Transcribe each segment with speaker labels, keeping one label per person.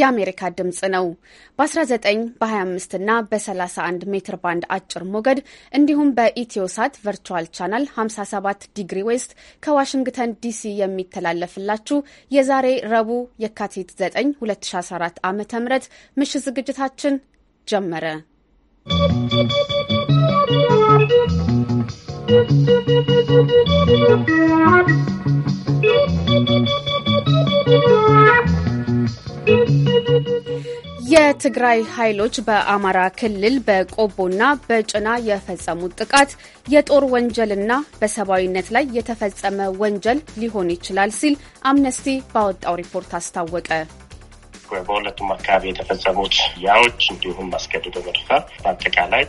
Speaker 1: የአሜሪካ ድምፅ ነው። በ19 በ25 እና በ31 ሜትር ባንድ አጭር ሞገድ እንዲሁም በኢትዮሳት ቨርቹዋል ቻናል 57 ዲግሪ ዌስት ከዋሽንግተን ዲሲ የሚተላለፍላችሁ የዛሬ ረቡዕ የካቲት 9 2014 ዓ ም ምሽት ዝግጅታችን ጀመረ። ¶¶ የትግራይ ኃይሎች በአማራ ክልል በቆቦና በጭና የፈጸሙት ጥቃት የጦር ወንጀልና በሰብአዊነት ላይ የተፈጸመ ወንጀል ሊሆን ይችላል ሲል አምነስቲ ባወጣው ሪፖርት አስታወቀ።
Speaker 2: በሁለቱም አካባቢ የተፈጸሙት ያዎች እንዲሁም አስገድዶ መድፈር በአጠቃላይ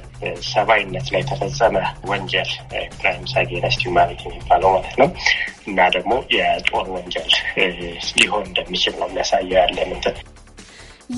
Speaker 2: ሰብአዊነት ላይ የተፈጸመ ወንጀል ክራይምስ አጌንስት ሂውማኒቲ የሚባለው ማለት ነው እና ደግሞ የጦር ወንጀል ሊሆን እንደሚችል ነው የሚያሳየው ያለን እንትን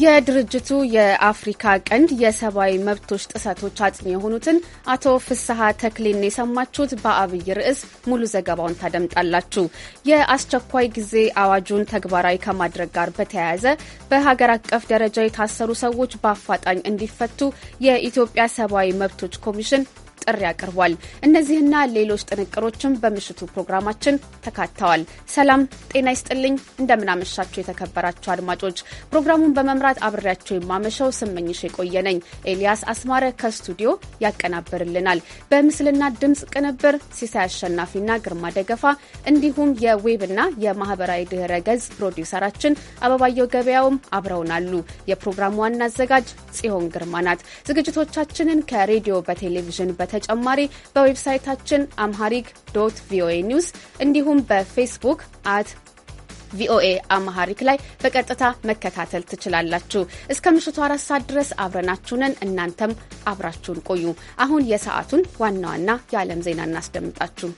Speaker 1: የድርጅቱ የአፍሪካ ቀንድ የሰብአዊ መብቶች ጥሰቶች አጥኚ የሆኑትን አቶ ፍስሐ ተክሌን የሰማችሁት። በአብይ ርዕስ ሙሉ ዘገባውን ታደምጣላችሁ። የአስቸኳይ ጊዜ አዋጁን ተግባራዊ ከማድረግ ጋር በተያያዘ በሀገር አቀፍ ደረጃ የታሰሩ ሰዎች በአፋጣኝ እንዲፈቱ የኢትዮጵያ ሰብአዊ መብቶች ኮሚሽን ጥሪ አቅርቧል። እነዚህና ሌሎች ጥንቅሮችም በምሽቱ ፕሮግራማችን ተካተዋል። ሰላም ጤና ይስጥልኝ። እንደምናመሻችሁ የተከበራችሁ አድማጮች፣ ፕሮግራሙን በመምራት አብሬያቸው የማመሸው ስመኝሽ የቆየ ነኝ። ኤልያስ አስማረ ከስቱዲዮ ያቀናብርልናል። በምስልና ድምፅ ቅንብር ሲሳይ አሸናፊና ግርማ ደገፋ እንዲሁም የዌብና የማህበራዊ ድህረ ገጽ ፕሮዲውሰራችን አበባየው ገበያውም አብረውናሉ። የፕሮግራሙ ዋና አዘጋጅ ጽዮን ግርማ ናት። ዝግጅቶቻችንን ከሬዲዮ በቴሌቪዥን በ በተጨማሪ በዌብሳይታችን አምሃሪክ ዶት ቪኦኤ ኒውስ እንዲሁም በፌስቡክ አት ቪኦኤ አማሃሪክ ላይ በቀጥታ መከታተል ትችላላችሁ። እስከ ምሽቱ አራት ሰዓት ድረስ አብረናችሁንን እናንተም አብራችሁን ቆዩ። አሁን የሰዓቱን ዋና ዋና የዓለም ዜና እናስደምጣችሁ።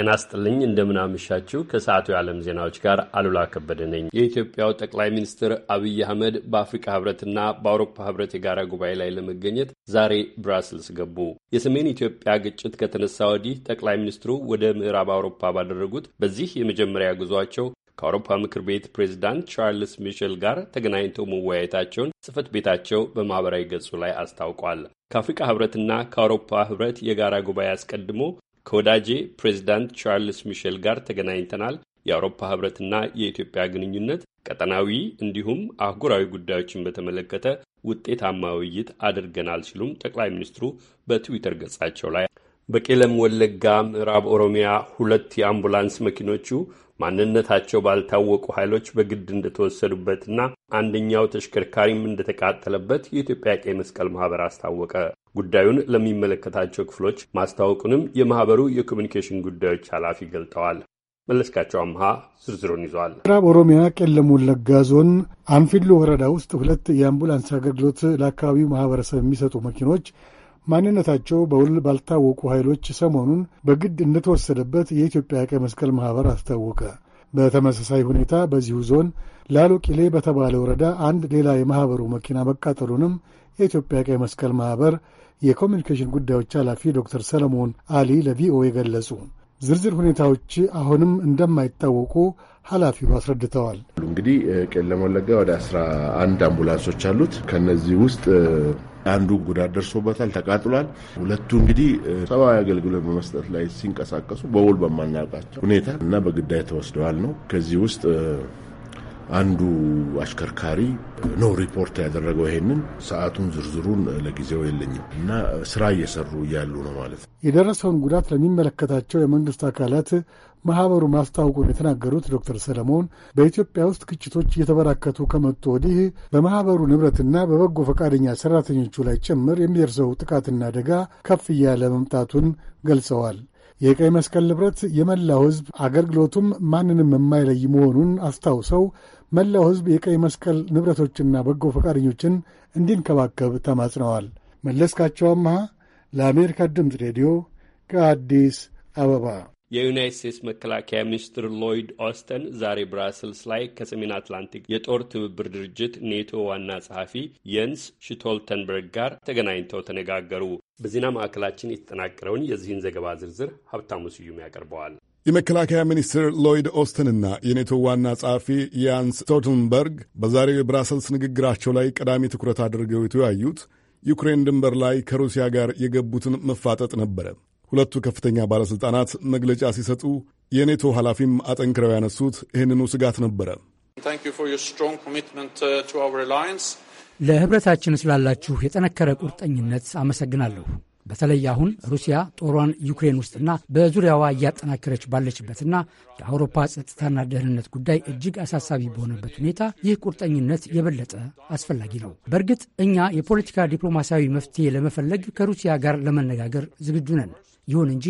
Speaker 3: ጤና ስጥልኝ እንደምናመሻችሁ። ከሰዓቱ የዓለም ዜናዎች ጋር አሉላ ከበደ ነኝ። የኢትዮጵያው ጠቅላይ ሚኒስትር አብይ አህመድ በአፍሪካ ህብረትና በአውሮፓ ህብረት የጋራ ጉባኤ ላይ ለመገኘት ዛሬ ብራስልስ ገቡ። የሰሜን ኢትዮጵያ ግጭት ከተነሳ ወዲህ ጠቅላይ ሚኒስትሩ ወደ ምዕራብ አውሮፓ ባደረጉት በዚህ የመጀመሪያ ጉዟቸው ከአውሮፓ ምክር ቤት ፕሬዚዳንት ቻርልስ ሚሼል ጋር ተገናኝተው መወያየታቸውን ጽህፈት ቤታቸው በማኅበራዊ ገጹ ላይ አስታውቋል። ከአፍሪካ ህብረትና ከአውሮፓ ህብረት የጋራ ጉባኤ አስቀድሞ ከወዳጄ ፕሬዚዳንት ቻርልስ ሚሼል ጋር ተገናኝተናል። የአውሮፓ ህብረትና የኢትዮጵያ ግንኙነት ቀጠናዊ እንዲሁም አህጉራዊ ጉዳዮችን በተመለከተ ውጤታማ ውይይት አድርገናል ሲሉም ጠቅላይ ሚኒስትሩ በትዊተር ገጻቸው ላይ በቄለም ወለጋ፣ ምዕራብ ኦሮሚያ ሁለት የአምቡላንስ መኪኖቹ ማንነታቸው ባልታወቁ ኃይሎች በግድ እንደተወሰዱበትና አንደኛው ተሽከርካሪም እንደተቃጠለበት የኢትዮጵያ ቀይ መስቀል ማህበር አስታወቀ። ጉዳዩን ለሚመለከታቸው ክፍሎች ማስታወቁንም የማህበሩ የኮሚኒኬሽን ጉዳዮች ኃላፊ ገልጠዋል። መለስካቸው አምሃ ዝርዝሩን ይዟል።
Speaker 4: ምዕራብ ኦሮሚያ ቄለም ወለጋ ዞን አንፊሎ ወረዳ ውስጥ ሁለት የአምቡላንስ አገልግሎት ለአካባቢው ማህበረሰብ የሚሰጡ መኪኖች ማንነታቸው በውል ባልታወቁ ኃይሎች ሰሞኑን በግድ እንደተወሰደበት የኢትዮጵያ ቀይ መስቀል ማህበር አስታወቀ። በተመሳሳይ ሁኔታ በዚሁ ዞን ላሎ ቂሌ በተባለ ወረዳ አንድ ሌላ የማኅበሩ መኪና መቃጠሉንም የኢትዮጵያ ቀይ መስቀል ማኅበር የኮሚኒኬሽን ጉዳዮች ኃላፊ ዶክተር ሰለሞን አሊ ለቪኦኤ ገለጹ። ዝርዝር ሁኔታዎች አሁንም እንደማይታወቁ ኃላፊው አስረድተዋል።
Speaker 5: እንግዲህ ቄለም ወለጋ ወደ አስራ አንድ አምቡላንሶች አሉት። ከነዚህ ውስጥ አንዱ ጉዳት ደርሶበታል፣ ተቃጥሏል። ሁለቱ እንግዲህ ሰብአዊ አገልግሎት በመስጠት ላይ ሲንቀሳቀሱ በውል በማናውቃቸው ሁኔታ እና በግዳይ ተወስደዋል ነው። ከዚህ ውስጥ አንዱ አሽከርካሪ ነው ሪፖርት
Speaker 4: ያደረገው። ይሄንን ሰዓቱን ዝርዝሩን ለጊዜው የለኝም እና ስራ እየሰሩ እያሉ ነው ማለት ነው። የደረሰውን ጉዳት ለሚመለከታቸው የመንግስት አካላት ማኅበሩ ማስታወቁን የተናገሩት ዶክተር ሰለሞን በኢትዮጵያ ውስጥ ግጭቶች እየተበራከቱ ከመጡ ወዲህ በማኅበሩ ንብረትና በበጎ ፈቃደኛ ሠራተኞቹ ላይ ጭምር የሚደርሰው ጥቃትና አደጋ ከፍ እያለ መምጣቱን ገልጸዋል። የቀይ መስቀል ንብረት የመላው ሕዝብ አገልግሎቱም ማንንም የማይለይ መሆኑን አስታውሰው መላው ሕዝብ የቀይ መስቀል ንብረቶችና በጎ ፈቃደኞችን እንዲንከባከብ ተማጽነዋል። መለስካቸው አምሃ ለአሜሪካ ድምፅ ሬዲዮ ከአዲስ አበባ
Speaker 3: የዩናይት ስቴትስ መከላከያ ሚኒስትር ሎይድ ኦስተን ዛሬ ብራስልስ ላይ ከሰሜን አትላንቲክ የጦር ትብብር ድርጅት ኔቶ ዋና ጸሐፊ የንስ ሽቶልተንበርግ ጋር ተገናኝተው ተነጋገሩ። በዜና ማዕከላችን የተጠናቀረውን የዚህን ዘገባ ዝርዝር ሀብታሙ ስዩም ያቀርበዋል።
Speaker 5: የመከላከያ ሚኒስትር ሎይድ ኦስተንና የኔቶ ዋና ጸሐፊ ያንስ ስቶልተንበርግ በዛሬው የብራሰልስ ንግግራቸው ላይ ቀዳሚ ትኩረት አድርገው የተወያዩት ዩክሬን ድንበር ላይ ከሩሲያ ጋር የገቡትን መፋጠጥ ነበረ። ሁለቱ ከፍተኛ ባለሥልጣናት መግለጫ ሲሰጡ የኔቶ ኃላፊም አጠንክረው ያነሱት ይህንኑ ስጋት ነበረ። uh,
Speaker 6: ለህብረታችን ስላላችሁ የጠነከረ ቁርጠኝነት አመሰግናለሁ። በተለይ አሁን ሩሲያ ጦሯን ዩክሬን ውስጥና በዙሪያዋ እያጠናከረች ባለችበትና የአውሮፓ ጸጥታና ደህንነት ጉዳይ እጅግ አሳሳቢ በሆነበት ሁኔታ ይህ ቁርጠኝነት የበለጠ አስፈላጊ ነው። በእርግጥ እኛ የፖለቲካ ዲፕሎማሲያዊ መፍትሄ ለመፈለግ ከሩሲያ ጋር ለመነጋገር ዝግጁ ነን። ይሁን እንጂ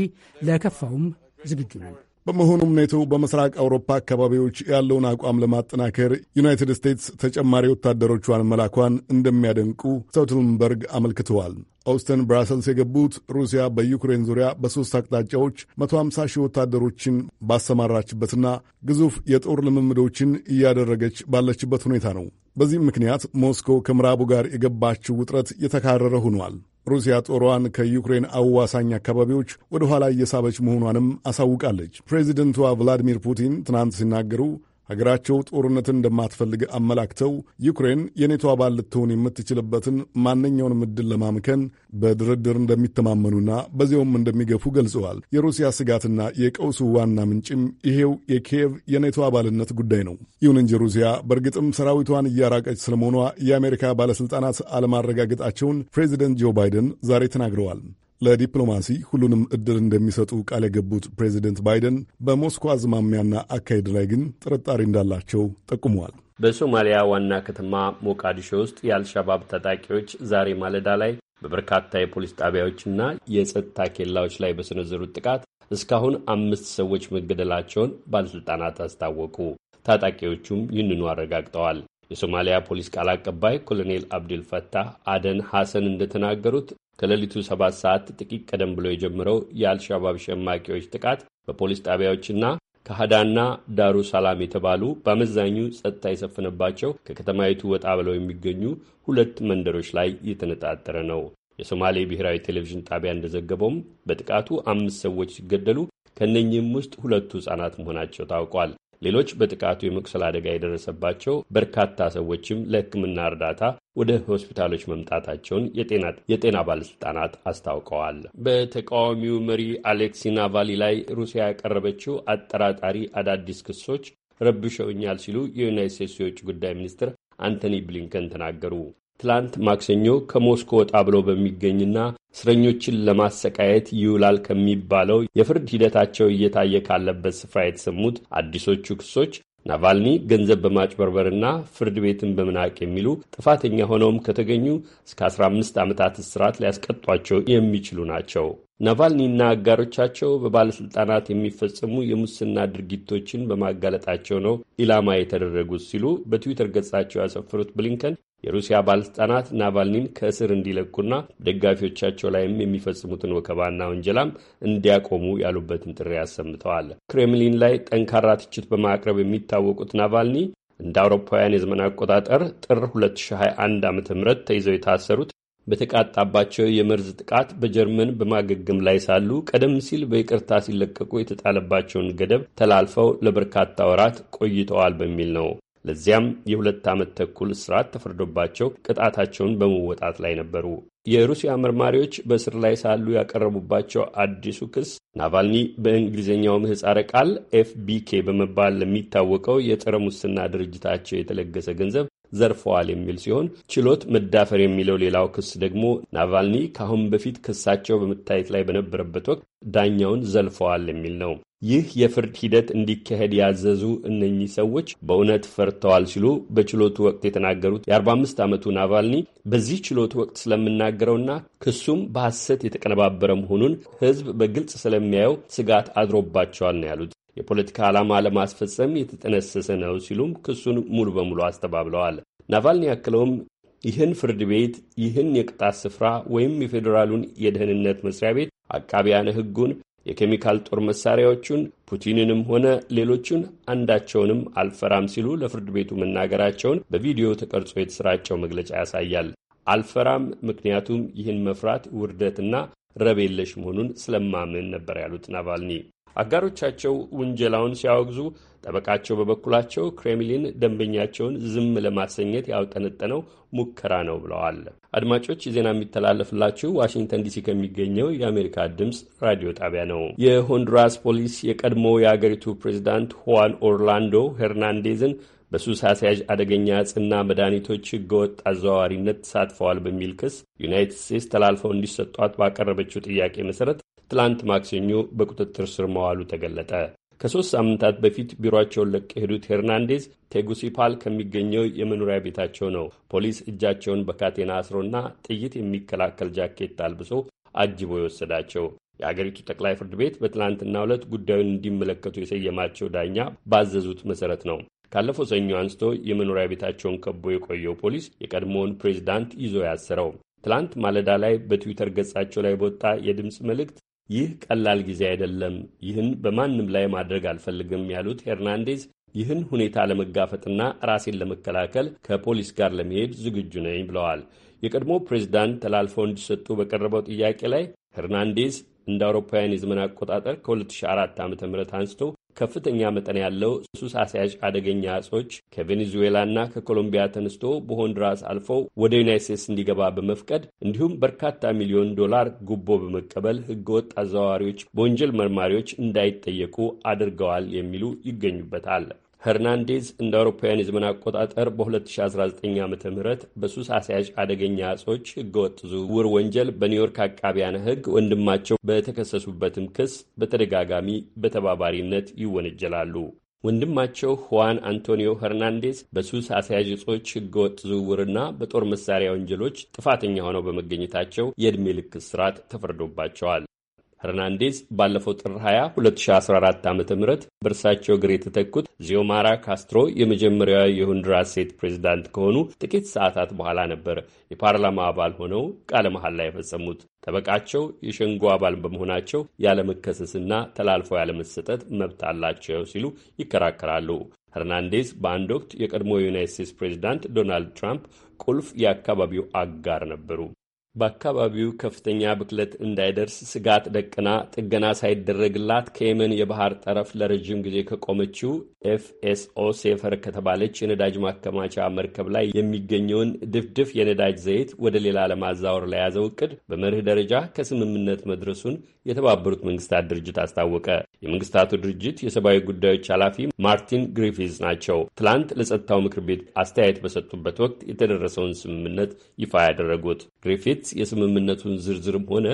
Speaker 6: ለከፋውም ዝግጁ ነን።
Speaker 5: በመሆኑም ኔቶ በምስራቅ አውሮፓ አካባቢዎች ያለውን አቋም ለማጠናከር ዩናይትድ ስቴትስ ተጨማሪ ወታደሮቿን መላኳን እንደሚያደንቁ ስቶልተንበርግ አመልክተዋል። ኦስተን ብራሰልስ የገቡት ሩሲያ በዩክሬን ዙሪያ በሦስት አቅጣጫዎች 150 ሺህ ወታደሮችን ባሰማራችበትና ግዙፍ የጦር ልምምዶችን እያደረገች ባለችበት ሁኔታ ነው። በዚህም ምክንያት ሞስኮ ከምዕራቡ ጋር የገባችው ውጥረት የተካረረ ሆኗል። ሩሲያ ጦሯን ከዩክሬን አዋሳኝ አካባቢዎች ወደ ኋላ እየሳበች መሆኗንም አሳውቃለች። ፕሬዚደንቷ ቭላዲሚር ፑቲን ትናንት ሲናገሩ ሀገራቸው ጦርነትን እንደማትፈልግ አመላክተው ዩክሬን የኔቶ አባል ልትሆን የምትችልበትን ማንኛውንም ዕድል ለማምከን በድርድር እንደሚተማመኑና በዚያውም እንደሚገፉ ገልጸዋል። የሩሲያ ስጋትና የቀውሱ ዋና ምንጭም ይሄው የኪየቭ የኔቶ አባልነት ጉዳይ ነው። ይሁን እንጂ ሩሲያ በእርግጥም ሰራዊቷን እያራቀች ስለመሆኗ የአሜሪካ ባለሥልጣናት አለማረጋገጣቸውን ፕሬዚደንት ጆ ባይደን ዛሬ ተናግረዋል። ለዲፕሎማሲ ሁሉንም ዕድል እንደሚሰጡ ቃል የገቡት ፕሬዚደንት ባይደን በሞስኮ አዝማሚያና አካሄድ ላይ ግን ጥርጣሬ እንዳላቸው ጠቁመዋል።
Speaker 3: በሶማሊያ ዋና ከተማ ሞቃዲሾ ውስጥ የአልሻባብ ታጣቂዎች ዛሬ ማለዳ ላይ በበርካታ የፖሊስ ጣቢያዎችና የጸጥታ ኬላዎች ላይ በሰነዘሩት ጥቃት እስካሁን አምስት ሰዎች መገደላቸውን ባለሥልጣናት አስታወቁ። ታጣቂዎቹም ይህንኑ አረጋግጠዋል። የሶማሊያ ፖሊስ ቃል አቀባይ ኮሎኔል አብድል ፈታህ አደን ሐሰን እንደተናገሩት ከሌሊቱ ሰባት ሰዓት ጥቂት ቀደም ብሎ የጀመረው የአልሻባብ ሸማቂዎች ጥቃት በፖሊስ ጣቢያዎችና ከሃዳና ዳሩ ሰላም የተባሉ በአመዛኙ ጸጥታ የሰፈነባቸው ከከተማይቱ ወጣ ብለው የሚገኙ ሁለት መንደሮች ላይ የተነጣጠረ ነው። የሶማሌ ብሔራዊ ቴሌቪዥን ጣቢያ እንደዘገበውም በጥቃቱ አምስት ሰዎች ሲገደሉ ከእነኚህም ውስጥ ሁለቱ ሕፃናት መሆናቸው ታውቋል። ሌሎች በጥቃቱ የመቁሰል አደጋ የደረሰባቸው በርካታ ሰዎችም ለሕክምና እርዳታ ወደ ሆስፒታሎች መምጣታቸውን የጤና ባለስልጣናት አስታውቀዋል። በተቃዋሚው መሪ አሌክሲ ናቫሊ ላይ ሩሲያ ያቀረበችው አጠራጣሪ አዳዲስ ክሶች ረብሸውኛል ሲሉ የዩናይት ስቴትስ የውጭ ጉዳይ ሚኒስትር አንቶኒ ብሊንከን ተናገሩ። ትላንት ማክሰኞ ከሞስኮ ወጣ ብሎ በሚገኝና እስረኞችን ለማሰቃየት ይውላል ከሚባለው የፍርድ ሂደታቸው እየታየ ካለበት ስፍራ የተሰሙት አዲሶቹ ክሶች ናቫልኒ ገንዘብ በማጭበርበርና ፍርድ ቤትን በምናቅ የሚሉ ጥፋተኛ ሆነውም ከተገኙ እስከ 15 ዓመታት እስራት ሊያስቀጧቸው የሚችሉ ናቸው። ናቫልኒና አጋሮቻቸው በባለሥልጣናት የሚፈጸሙ የሙስና ድርጊቶችን በማጋለጣቸው ነው ኢላማ የተደረጉት ሲሉ በትዊተር ገጻቸው ያሰፈሩት ብሊንከን የሩሲያ ባለስልጣናት ናቫልኒን ከእስር እንዲለቁና በደጋፊዎቻቸው ላይም የሚፈጽሙትን ወከባና ወንጀላም እንዲያቆሙ ያሉበትን ጥሪ አሰምተዋል። ክሬምሊን ላይ ጠንካራ ትችት በማቅረብ የሚታወቁት ናቫልኒ እንደ አውሮፓውያን የዘመን አቆጣጠር ጥር 2021 ዓ ም ተይዘው የታሰሩት በተቃጣባቸው የመርዝ ጥቃት በጀርመን በማገገም ላይ ሳሉ ቀደም ሲል በይቅርታ ሲለቀቁ የተጣለባቸውን ገደብ ተላልፈው ለበርካታ ወራት ቆይተዋል በሚል ነው። ለዚያም የሁለት ዓመት ተኩል እስራት ተፈርዶባቸው ቅጣታቸውን በመወጣት ላይ ነበሩ። የሩሲያ መርማሪዎች በእስር ላይ ሳሉ ያቀረቡባቸው አዲሱ ክስ ናቫልኒ በእንግሊዝኛው ምህፃረ ቃል ኤፍቢኬ በመባል ለሚታወቀው የጸረ ሙስና ድርጅታቸው የተለገሰ ገንዘብ ዘርፈዋል የሚል ሲሆን ችሎት መዳፈር የሚለው ሌላው ክስ ደግሞ ናቫልኒ ከአሁን በፊት ክሳቸው በመታየት ላይ በነበረበት ወቅት ዳኛውን ዘልፈዋል የሚል ነው። ይህ የፍርድ ሂደት እንዲካሄድ ያዘዙ እነኚህ ሰዎች በእውነት ፈርተዋል ሲሉ በችሎቱ ወቅት የተናገሩት የ45 ዓመቱ ናቫልኒ በዚህ ችሎት ወቅት ስለምናገረውና ክሱም በሐሰት የተቀነባበረ መሆኑን ሕዝብ በግልጽ ስለሚያየው ስጋት አድሮባቸዋል ነው ያሉት። የፖለቲካ ዓላማ ለማስፈጸም የተጠነሰሰ ነው ሲሉም ክሱን ሙሉ በሙሉ አስተባብለዋል። ናቫልኒ ያክለውም ይህን ፍርድ ቤት ይህን የቅጣት ስፍራ ወይም የፌዴራሉን የደህንነት መስሪያ ቤት አቃቢያነ ሕጉን የኬሚካል ጦር መሳሪያዎቹን ፑቲንንም ሆነ ሌሎቹን አንዳቸውንም አልፈራም ሲሉ ለፍርድ ቤቱ መናገራቸውን በቪዲዮ ተቀርጾ የተሰራጨው መግለጫ ያሳያል። አልፈራም ምክንያቱም ይህን መፍራት ውርደትና ረብ የለሽ መሆኑን ስለማምን ነበር ያሉት ናቫልኒ አጋሮቻቸው ውንጀላውን ሲያወግዙ፣ ጠበቃቸው በበኩላቸው ክሬምሊን ደንበኛቸውን ዝም ለማሰኘት ያውጠነጠነው ሙከራ ነው ብለዋል። አድማጮች ዜና የሚተላለፍላችሁ ዋሽንግተን ዲሲ ከሚገኘው የአሜሪካ ድምፅ ራዲዮ ጣቢያ ነው። የሆንዱራስ ፖሊስ የቀድሞ የአገሪቱ ፕሬዚዳንት ሁዋን ኦርላንዶ ሄርናንዴዝን በሱስ አስያዥ አደገኛ እጽና መድኃኒቶች ህገወጥ አዘዋዋሪነት ተሳትፈዋል በሚል ክስ ዩናይትድ ስቴትስ ተላልፈው እንዲሰጧት ባቀረበችው ጥያቄ መሰረት ትላንት ማክሰኞ በቁጥጥር ስር መዋሉ ተገለጠ። ከሶስት ሳምንታት በፊት ቢሮቸውን ለቅ የሄዱት ሄርናንዴዝ ቴጉሲፓል ከሚገኘው የመኖሪያ ቤታቸው ነው። ፖሊስ እጃቸውን በካቴና አስሮና ጥይት የሚከላከል ጃኬት አልብሶ አጅቦ የወሰዳቸው የአገሪቱ ጠቅላይ ፍርድ ቤት በትናንትናው ዕለት ጉዳዩን እንዲመለከቱ የሰየማቸው ዳኛ ባዘዙት መሠረት ነው። ካለፈው ሰኞ አንስቶ የመኖሪያ ቤታቸውን ከቦ የቆየው ፖሊስ የቀድሞውን ፕሬዚዳንት ይዞ ያሰረው ትላንት ማለዳ ላይ በትዊተር ገጻቸው ላይ በወጣ የድምፅ መልእክት ይህ ቀላል ጊዜ አይደለም፣ ይህን በማንም ላይ ማድረግ አልፈልግም ያሉት ሄርናንዴዝ ይህን ሁኔታ ለመጋፈጥና ራሴን ለመከላከል ከፖሊስ ጋር ለመሄድ ዝግጁ ነኝ ብለዋል። የቀድሞ ፕሬዚዳንት ተላልፈው እንዲሰጡ በቀረበው ጥያቄ ላይ ሄርናንዴዝ እንደ አውሮፓውያን የዘመን አቆጣጠር ከ2004 ዓ ም አንስቶ ከፍተኛ መጠን ያለው ሱስ አስያዥ አደገኛ እጾች ከቬኔዙዌላና ከኮሎምቢያ ተነስቶ በሆንድራስ አልፈው ወደ ዩናይት ስቴትስ እንዲገባ በመፍቀድ እንዲሁም በርካታ ሚሊዮን ዶላር ጉቦ በመቀበል ህገወጥ አዘዋዋሪዎች በወንጀል መርማሪዎች እንዳይጠየቁ አድርገዋል የሚሉ ይገኙበታል። ሄርናንዴዝ እንደ አውሮፓውያን የዘመን አቆጣጠር በ2019 ዓ ም በሱስ አስያዥ አደገኛ እጾች ህገወጥ ዝውውር ወንጀል በኒውዮርክ አቃቢያነ ህግ ወንድማቸው በተከሰሱበትም ክስ በተደጋጋሚ በተባባሪነት ይወነጀላሉ። ወንድማቸው ሁዋን አንቶኒዮ ሄርናንዴዝ በሱስ አስያዥ እጾች ህገወጥ ዝውውርና በጦር መሳሪያ ወንጀሎች ጥፋተኛ ሆነው በመገኘታቸው የዕድሜ ልክ እስራት ተፈርዶባቸዋል። ፈርናንዴዝ ባለፈው ጥር 20 2014 ዓ ም በእርሳቸው እግር የተተኩት ዚዮማራ ካስትሮ የመጀመሪያዋ የሆንዱራስ ሴት ፕሬዚዳንት ከሆኑ ጥቂት ሰዓታት በኋላ ነበር የፓርላማ አባል ሆነው ቃለ መሐላ የፈጸሙት። ጠበቃቸው የሸንጎ አባል በመሆናቸው ያለመከሰስና ተላልፎ ያለመሰጠት መብት አላቸው ሲሉ ይከራከራሉ። ፈርናንዴዝ በአንድ ወቅት የቀድሞ የዩናይት ስቴትስ ፕሬዚዳንት ዶናልድ ትራምፕ ቁልፍ የአካባቢው አጋር ነበሩ። በአካባቢው ከፍተኛ ብክለት እንዳይደርስ ስጋት ደቅና ጥገና ሳይደረግላት ከየመን የባህር ጠረፍ ለረዥም ጊዜ ከቆመችው ኤፍኤስኦ ሴፈር ከተባለች የነዳጅ ማከማቻ መርከብ ላይ የሚገኘውን ድፍድፍ የነዳጅ ዘይት ወደ ሌላ ለማዛወር ለያዘው እቅድ በመርህ ደረጃ ከስምምነት መድረሱን የተባበሩት መንግስታት ድርጅት አስታወቀ። የመንግስታቱ ድርጅት የሰብአዊ ጉዳዮች ኃላፊ ማርቲን ግሪፊዝ ናቸው ትላንት ለጸጥታው ምክር ቤት አስተያየት በሰጡበት ወቅት የተደረሰውን ስምምነት ይፋ ያደረጉት ግሪፊት ስቴትስ የስምምነቱን ዝርዝርም ሆነ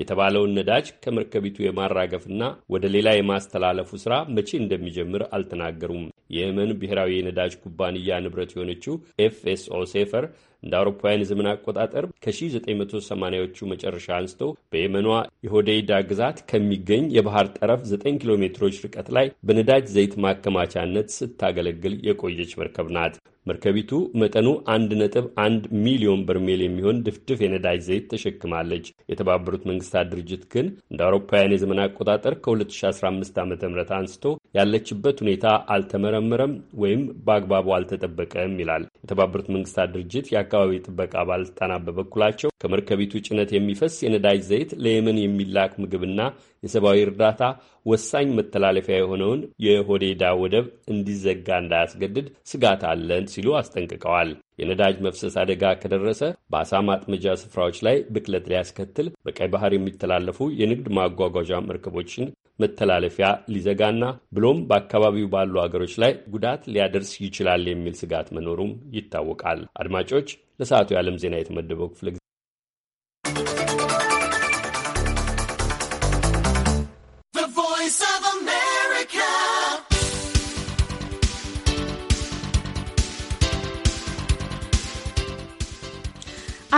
Speaker 3: የተባለውን ነዳጅ ከመርከቢቱ የማራገፍና ወደ ሌላ የማስተላለፉ ስራ መቼ እንደሚጀምር አልተናገሩም። የየመን ብሔራዊ የነዳጅ ኩባንያ ንብረት የሆነችው ኤፍኤስኦ ሴፈር እንደ አውሮፓውያን የዘመን አቆጣጠር ከ1980ዎቹ መጨረሻ አንስቶ በየመኗ የሆዴይዳ ግዛት ከሚገኝ የባህር ጠረፍ 9 ኪሎ ሜትሮች ርቀት ላይ በነዳጅ ዘይት ማከማቻነት ስታገለግል የቆየች መርከብ ናት። መርከቢቱ መጠኑ 1.1 ሚሊዮን በርሜል የሚሆን ድፍድፍ የነዳጅ ዘይት ተሸክማለች። የተባበሩት መንግስታት ድርጅት ግን እንደ አውሮፓውያን የዘመን አቆጣጠር ከ2015 ዓ ም አንስቶ ያለችበት ሁኔታ አልተመረመረም ወይም በአግባቡ አልተጠበቀም ይላል። የተባበሩት መንግስታት ድርጅት የአካባቢ ጥበቃ ባለስልጣናት በበኩላቸው ከመርከቢቱ ጭነት የሚፈስ የነዳጅ ዘይት ለየመን የሚላክ ምግብና የሰብአዊ እርዳታ ወሳኝ መተላለፊያ የሆነውን የሆዴዳ ወደብ እንዲዘጋ እንዳያስገድድ ስጋት አለን ሲሉ አስጠንቅቀዋል። የነዳጅ መፍሰስ አደጋ ከደረሰ በአሳ ማጥመጃ ስፍራዎች ላይ ብክለት ሊያስከትል በቀይ ባህር የሚተላለፉ የንግድ ማጓጓዣ መርከቦችን መተላለፊያ ሊዘጋና ብሎም በአካባቢው ባሉ አገሮች ላይ ጉዳት ሊያደርስ ይችላል የሚል ስጋት መኖሩም ይታወቃል። አድማጮች፣ ለሰዓቱ የዓለም ዜና የተመደበው ክፍለ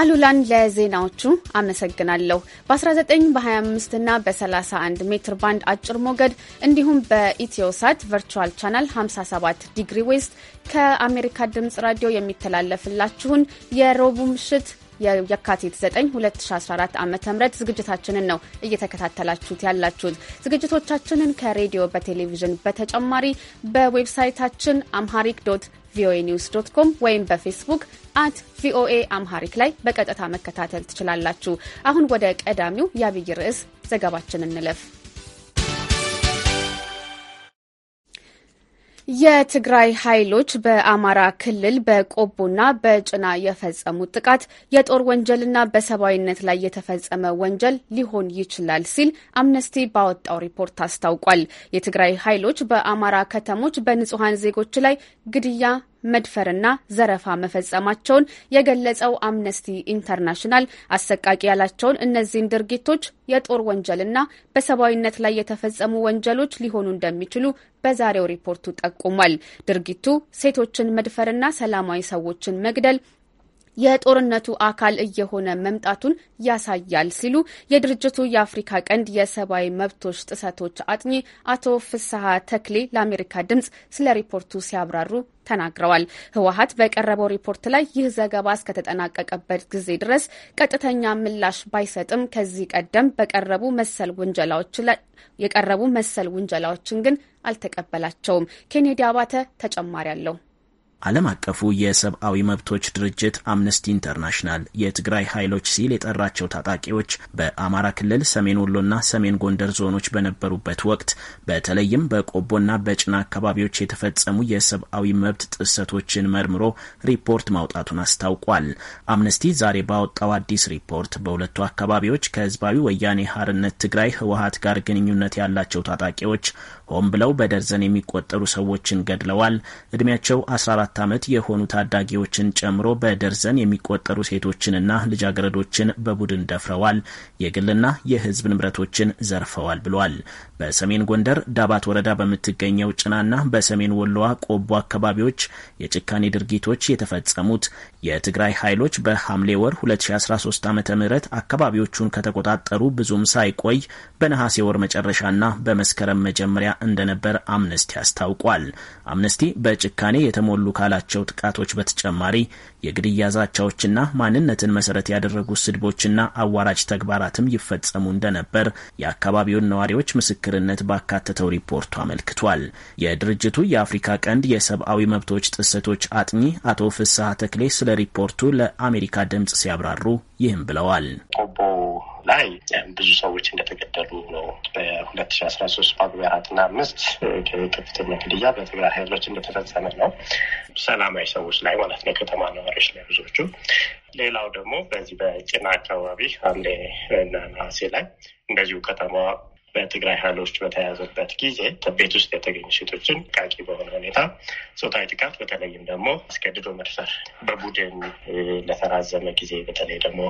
Speaker 1: አሉላን ለዜናዎቹ አመሰግናለሁ። በ19 በ25 እና በ31 ሜትር ባንድ አጭር ሞገድ እንዲሁም በኢትዮሳት ቨርቹዋል ቻናል 57 ዲግሪ ዌስት ከአሜሪካ ድምጽ ራዲዮ የሚተላለፍላችሁን የሮቡ ምሽት የካቲት 9 2014 ዓ ም ዝግጅታችንን ነው እየተከታተላችሁት ያላችሁት። ዝግጅቶቻችንን ከሬዲዮ በቴሌቪዥን በተጨማሪ በዌብሳይታችን አምሃሪክ ዶት ቪኦኤ ኒውስ ዶት ኮም ወይም በፌስቡክ አት ቪኦኤ አምሃሪክ ላይ በቀጥታ መከታተል ትችላላችሁ። አሁን ወደ ቀዳሚው የአብይ ርዕስ ዘገባችን እንለፍ። የትግራይ ኃይሎች በአማራ ክልል በቆቦና በጭና የፈጸሙት ጥቃት የጦር ወንጀልና በሰብአዊነት ላይ የተፈጸመ ወንጀል ሊሆን ይችላል ሲል አምነስቲ ባወጣው ሪፖርት አስታውቋል። የትግራይ ኃይሎች በአማራ ከተሞች በንጹሐን ዜጎች ላይ ግድያ፣ መድፈርና ዘረፋ መፈጸማቸውን የገለጸው አምነስቲ ኢንተርናሽናል አሰቃቂ ያላቸውን እነዚህን ድርጊቶች የጦር ወንጀልና በሰብአዊነት ላይ የተፈጸሙ ወንጀሎች ሊሆኑ እንደሚችሉ በዛሬው ሪፖርቱ ጠቁሟል። ድርጊቱ ሴቶችን መድፈርና ሰላማዊ ሰዎችን መግደል የጦርነቱ አካል እየሆነ መምጣቱን ያሳያል ሲሉ የድርጅቱ የአፍሪካ ቀንድ የሰብአዊ መብቶች ጥሰቶች አጥኚ አቶ ፍስሀ ተክሌ ለአሜሪካ ድምጽ ስለ ሪፖርቱ ሲያብራሩ ተናግረዋል። ህወሀት በቀረበው ሪፖርት ላይ ይህ ዘገባ እስከተጠናቀቀበት ጊዜ ድረስ ቀጥተኛ ምላሽ ባይሰጥም ከዚህ ቀደም በቀረቡ መሰል ውንጀላዎች የቀረቡ መሰል ውንጀላዎችን ግን አልተቀበላቸውም። ኬኔዲ አባተ ተጨማሪ አለው።
Speaker 7: ዓለም አቀፉ የሰብአዊ መብቶች ድርጅት አምነስቲ ኢንተርናሽናል የትግራይ ኃይሎች ሲል የጠራቸው ታጣቂዎች በአማራ ክልል ሰሜን ወሎና ሰሜን ጎንደር ዞኖች በነበሩበት ወቅት በተለይም በቆቦና በጭና አካባቢዎች የተፈጸሙ የሰብአዊ መብት ጥሰቶችን መርምሮ ሪፖርት ማውጣቱን አስታውቋል። አምነስቲ ዛሬ ባወጣው አዲስ ሪፖርት በሁለቱ አካባቢዎች ከህዝባዊ ወያኔ ሀርነት ትግራይ ህወሀት ጋር ግንኙነት ያላቸው ታጣቂዎች ሆን ብለው በደርዘን የሚቆጠሩ ሰዎችን ገድለዋል፣ እድሜያቸው 14 ሰባት ዓመት የሆኑ ታዳጊዎችን ጨምሮ በደርዘን የሚቆጠሩ ሴቶችንና ልጃገረዶችን በቡድን ደፍረዋል፣ የግልና የህዝብ ንብረቶችን ዘርፈዋል ብሏል። በሰሜን ጎንደር ዳባት ወረዳ በምትገኘው ጭናና በሰሜን ወሎዋ ቆቦ አካባቢዎች የጭካኔ ድርጊቶች የተፈጸሙት የትግራይ ኃይሎች በሐምሌ ወር 2013 ዓ ም አካባቢዎቹን ከተቆጣጠሩ ብዙም ሳይቆይ በነሐሴ ወር መጨረሻና በመስከረም መጀመሪያ እንደነበር አምነስቲ አስታውቋል። አምነስቲ በጭካኔ የተሞሉ ካላቸው ጥቃቶች በተጨማሪ የግድያ ዛቻዎችና ማንነትን መሰረት ያደረጉ ስድቦችና አዋራጅ ተግባራትም ይፈጸሙ እንደነበር የአካባቢውን ነዋሪዎች ምስክርነት ባካተተው ሪፖርቱ አመልክቷል። የድርጅቱ የአፍሪካ ቀንድ የሰብአዊ መብቶች ጥሰቶች አጥኚ አቶ ፍስሐ ተክሌ ስለ ሪፖርቱ ለአሜሪካ ድምፅ ሲያብራሩ ይህም ብለዋል። ቆቦ
Speaker 2: ላይ ብዙ ሰዎች እንደተገደሉ ነው። በሁለት ሺ አስራ ሶስት አራት እና አምስት ከፍተኛ ግድያ በትግራይ ኃይሎች እንደተፈጸመ ነው። ሰላማዊ ሰዎች ላይ ማለት ነው፣ የከተማ ነዋሪዎች ላይ ብዙዎቹ። ሌላው ደግሞ በዚህ በጭና አካባቢ አንዴ እና ነሐሴ ላይ እንደዚሁ ከተማ በትግራይ ኃይሎች በተያዘበት ጊዜ ቤት ውስጥ የተገኙ ሴቶችን ቃቂ በሆነ ሁኔታ ጾታዊ ጥቃት በተለይም ደግሞ አስገድዶ መድፈር በቡድን ለተራዘመ ጊዜ በተለይ ደግሞ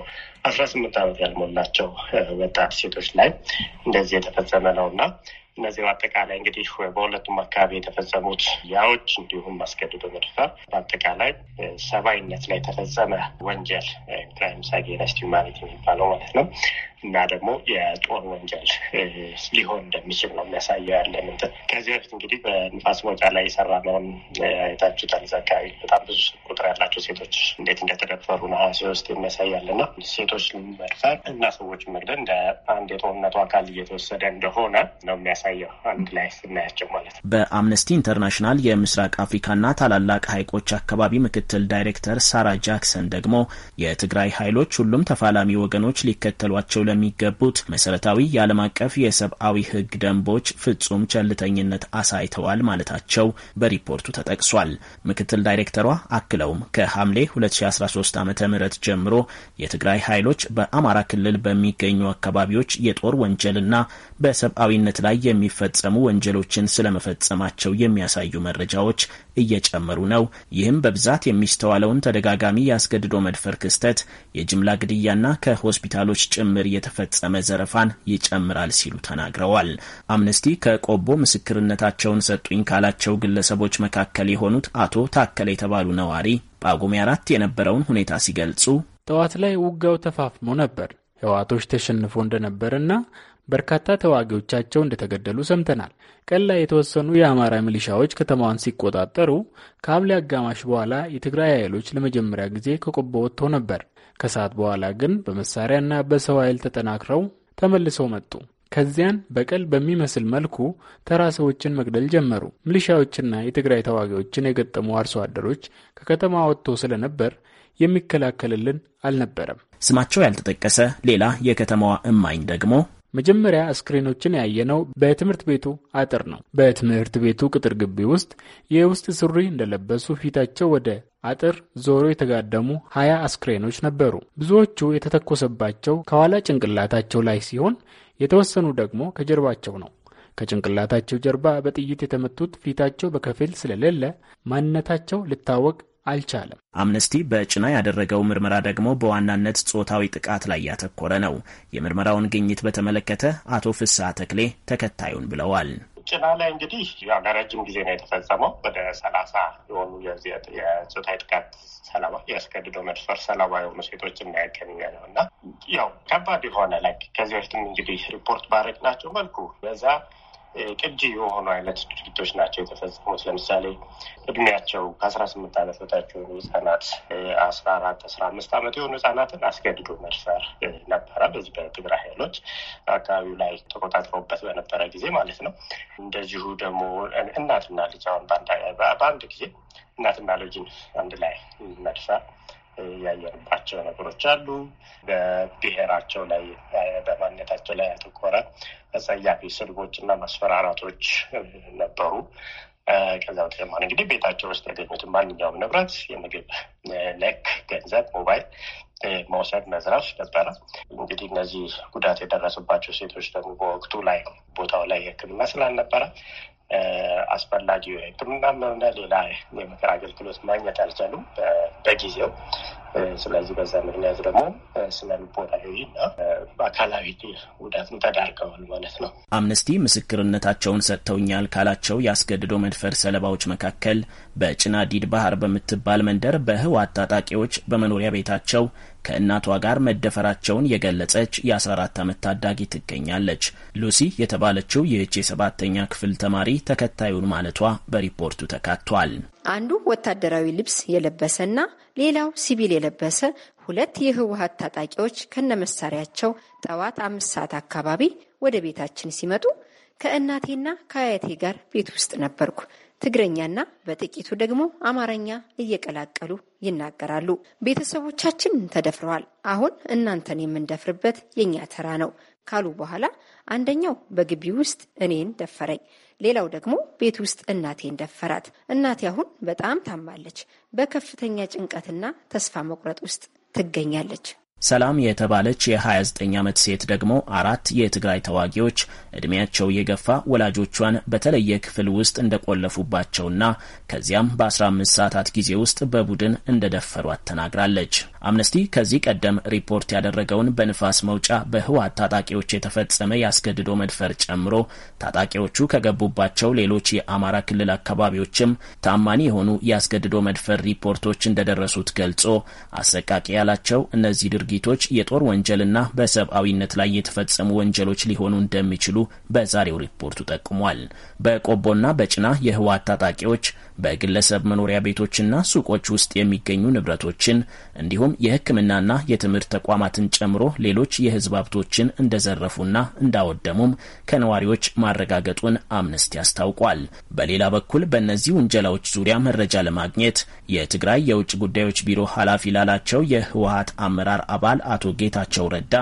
Speaker 2: አስራ ስምንት ዓመት ያልሞላቸው ወጣት ሴቶች ላይ እንደዚህ የተፈጸመ ነው እና እነዚህ በአጠቃላይ እንግዲህ በሁለቱም አካባቢ የተፈጸሙት ያዎች እንዲሁም አስገድዶ መድፈር በአጠቃላይ ሰብአዊነት ላይ የተፈጸመ ወንጀል ክራይም ሳጌነስት ማነት የሚባለው ማለት ነው። እና ደግሞ የጦር ወንጀል ሊሆን እንደሚችል ነው የሚያሳየው ያለን እንትን። ከዚህ በፊት እንግዲህ በንፋስ መውጫ ላይ የሰራነውን አይታችሁታል። እዛ አካባቢ በጣም ብዙ ቁጥር ያላቸው ሴቶች እንዴት እንደተደፈሩ ነሐሴ ውስጥ የሚያሳያልና ሴቶች መድፈር እና ሰዎች መግደል እንደ አንድ የጦርነቱ አካል እየተወሰደ እንደሆነ ነው የሚያሳየው አንድ ላይ ስናያቸው ማለት
Speaker 7: ነው። በአምነስቲ ኢንተርናሽናል የምስራቅ አፍሪካና ታላላቅ ሀይቆች አካባቢ ምክትል ዳይሬክተር ሳራ ጃክሰን ደግሞ የትግራይ ኃይሎች ሁሉም ተፋላሚ ወገኖች ሊከተሏቸው ለሚገቡት መሰረታዊ የዓለም አቀፍ የሰብአዊ ህግ ደንቦች ፍጹም ቸልተኝነት አሳይተዋል ማለታቸው በሪፖርቱ ተጠቅሷል። ምክትል ዳይሬክተሯ አክለውም ከሐምሌ 2013 ዓ ም ጀምሮ የትግራይ ኃይሎች በአማራ ክልል በሚገኙ አካባቢዎች የጦር ወንጀልና በሰብአዊነት ላይ የሚፈጸሙ ወንጀሎችን ስለመፈጸማቸው የሚያሳዩ መረጃዎች እየጨመሩ ነው። ይህም በብዛት የሚስተዋለውን ተደጋጋሚ ያስገድዶ መድፈር ክስተት፣ የጅምላ ግድያና ከሆስፒታሎች ጭምር የተፈጸመ ዘረፋን ይጨምራል ሲሉ ተናግረዋል። አምነስቲ ከቆቦ ምስክርነታቸውን ሰጡኝ ካላቸው ግለሰቦች መካከል የሆኑት አቶ ታከለ የተባሉ ነዋሪ ጳጉሜ አራት የነበረውን ሁኔታ ሲገልጹ
Speaker 8: ጠዋት ላይ ውጋው ተፋፍሞ ነበር። ህወሓቶች ተሸንፎ እንደነበርና በርካታ ተዋጊዎቻቸው እንደተገደሉ ሰምተናል። ቀን ላይ የተወሰኑ የአማራ ሚሊሻዎች ከተማዋን ሲቆጣጠሩ ከሐምሌ አጋማሽ በኋላ የትግራይ ኃይሎች ለመጀመሪያ ጊዜ ከቆቦ ወጥተው ነበር። ከሰዓት በኋላ ግን በመሳሪያና በሰው ኃይል ተጠናክረው ተመልሰው መጡ። ከዚያን በቀል በሚመስል መልኩ ተራ ሰዎችን መግደል ጀመሩ። ሚሊሻዎችና የትግራይ ተዋጊዎችን የገጠሙ አርሶ አደሮች ከከተማ ወጥቶ ስለነበር የሚከላከልልን አልነበረም።
Speaker 7: ስማቸው ያልተጠቀሰ ሌላ የከተማዋ እማኝ ደግሞ
Speaker 8: መጀመሪያ አስክሬኖችን ያየነው በትምህርት ቤቱ አጥር ነው። በትምህርት ቤቱ ቅጥር ግቢ ውስጥ የውስጥ ሱሪ እንደለበሱ ፊታቸው ወደ አጥር ዞሮ የተጋደሙ ሀያ አስክሬኖች ነበሩ። ብዙዎቹ የተተኮሰባቸው ከኋላ ጭንቅላታቸው ላይ ሲሆን የተወሰኑ ደግሞ ከጀርባቸው ነው። ከጭንቅላታቸው ጀርባ በጥይት የተመቱት ፊታቸው በከፊል ስለሌለ ማንነታቸው ልታወቅ አልቻለም።
Speaker 7: አምነስቲ በጭና ያደረገው ምርመራ ደግሞ በዋናነት ጾታዊ ጥቃት ላይ ያተኮረ ነው። የምርመራውን ግኝት በተመለከተ አቶ ፍስሐ ተክሌ ተከታዩን ብለዋል።
Speaker 2: ጭና ላይ እንግዲህ ለረጅም ጊዜ ነው የተፈጸመው። ወደ ሰላሳ የሆኑ የጾታዊ ጥቃት ሰለባ ያስገድዶ መድፈር ሰለባ የሆኑ ሴቶች የሚያገኘ ነው እና ያው ከባድ የሆነ ላይ ከዚህ በፊትም እንግዲህ ሪፖርት ባረግ ናቸው መልኩ በዛ ቅጂ የሆኑ አይነት ድርጊቶች ናቸው የተፈጸሙት። ለምሳሌ እድሜያቸው ከአስራ ስምንት ዓመት በታች የሆኑ ህጻናት አስራ አራት አስራ አምስት ዓመት የሆኑ ህጻናትን አስገድዶ መድፈር ነበረ። በዚህ በትግራይ ኃይሎች አካባቢው ላይ ተቆጣጥረውበት በነበረ ጊዜ ማለት ነው። እንደዚሁ ደግሞ እናትና ልጅ አሁን በአንድ ጊዜ እናትና ልጅን አንድ ላይ መድፈር ያየንባቸው ነገሮች አሉ። በብሔራቸው ላይ በማንነታቸው ላይ ያተኮረ አጸያፊ ስድቦች እና ማስፈራራቶች ነበሩ። ከዛ በተጨማሪ እንግዲህ ቤታቸው ውስጥ ያገኙት ማንኛውም ንብረት የምግብ ነክ፣ ገንዘብ፣ ሞባይል መውሰድ፣ መዝረፍ ነበረ። እንግዲህ እነዚህ ጉዳት የደረሰባቸው ሴቶች ደግሞ በወቅቱ ላይ ቦታው ላይ ሕክምና ስላልነበረ አስፈላጊ ሕክምናም ሆነ ሌላ የምክር አገልግሎት ማግኘት አልቻሉም በጊዜው። ስለዚህ በዛ ምክንያት ደግሞ ስነ ልቦናዊና በአካላዊ ጉዳትም ተዳርገዋል ማለት ነው።
Speaker 7: አምነስቲ ምስክርነታቸውን ሰጥተውኛል ካላቸው ያስገድዶ መድፈር ሰለባዎች መካከል በጭናዲድ ባህር በምትባል መንደር በህወሓት ታጣቂዎች በመኖሪያ ቤታቸው ከእናቷ ጋር መደፈራቸውን የገለጸች የ14 ዓመት ታዳጊ ትገኛለች። ሉሲ የተባለችው ይህች የሰባተኛ ክፍል ተማሪ ተከታዩን ማለቷ በሪፖርቱ ተካቷል።
Speaker 9: አንዱ ወታደራዊ ልብስ የለበሰና ሌላው ሲቪል የለበሰ ሁለት የህወሀት ታጣቂዎች ከነመሳሪያቸው ጠዋት አምስት ሰዓት አካባቢ ወደ ቤታችን ሲመጡ ከእናቴና ከአያቴ ጋር ቤት ውስጥ ነበርኩ። ትግረኛና በጥቂቱ ደግሞ አማርኛ እየቀላቀሉ ይናገራሉ። ቤተሰቦቻችን ተደፍረዋል፣ አሁን እናንተን የምንደፍርበት የእኛ ተራ ነው ካሉ በኋላ አንደኛው በግቢ ውስጥ እኔን ደፈረኝ፣ ሌላው ደግሞ ቤት ውስጥ እናቴን ደፈራት። እናቴ አሁን በጣም ታማለች፣ በከፍተኛ ጭንቀትና ተስፋ መቁረጥ ውስጥ ትገኛለች
Speaker 7: ሰላም የተባለች የ29 ዓመት ሴት ደግሞ አራት የትግራይ ተዋጊዎች ዕድሜያቸው የገፋ ወላጆቿን በተለየ ክፍል ውስጥ እንደቆለፉባቸውና ከዚያም በ15 ሰዓታት ጊዜ ውስጥ በቡድን እንደደፈሯት ተናግራለች። አምነስቲ ከዚህ ቀደም ሪፖርት ያደረገውን በንፋስ መውጫ በህወሓት ታጣቂዎች የተፈጸመ ያስገድዶ መድፈር ጨምሮ ታጣቂዎቹ ከገቡባቸው ሌሎች የአማራ ክልል አካባቢዎችም ታማኒ የሆኑ ያስገድዶ መድፈር ሪፖርቶች እንደደረሱት ገልጾ አሰቃቂ ያላቸው እነዚህ ድርጊ ድርጊቶች የጦር ወንጀልና በሰብአዊነት ላይ የተፈጸሙ ወንጀሎች ሊሆኑ እንደሚችሉ በዛሬው ሪፖርቱ ጠቁሟል። በቆቦና በጭና የህወሓት ታጣቂዎች በግለሰብ መኖሪያ ቤቶችና ሱቆች ውስጥ የሚገኙ ንብረቶችን እንዲሁም የሕክምናና የትምህርት ተቋማትን ጨምሮ ሌሎች የሕዝብ ሀብቶችን እንደዘረፉና እንዳወደሙም ከነዋሪዎች ማረጋገጡን አምነስቲ አስታውቋል። በሌላ በኩል በእነዚህ ውንጀላዎች ዙሪያ መረጃ ለማግኘት የትግራይ የውጭ ጉዳዮች ቢሮ ኃላፊ ላላቸው የህወሀት አመራር አባል አቶ ጌታቸው ረዳ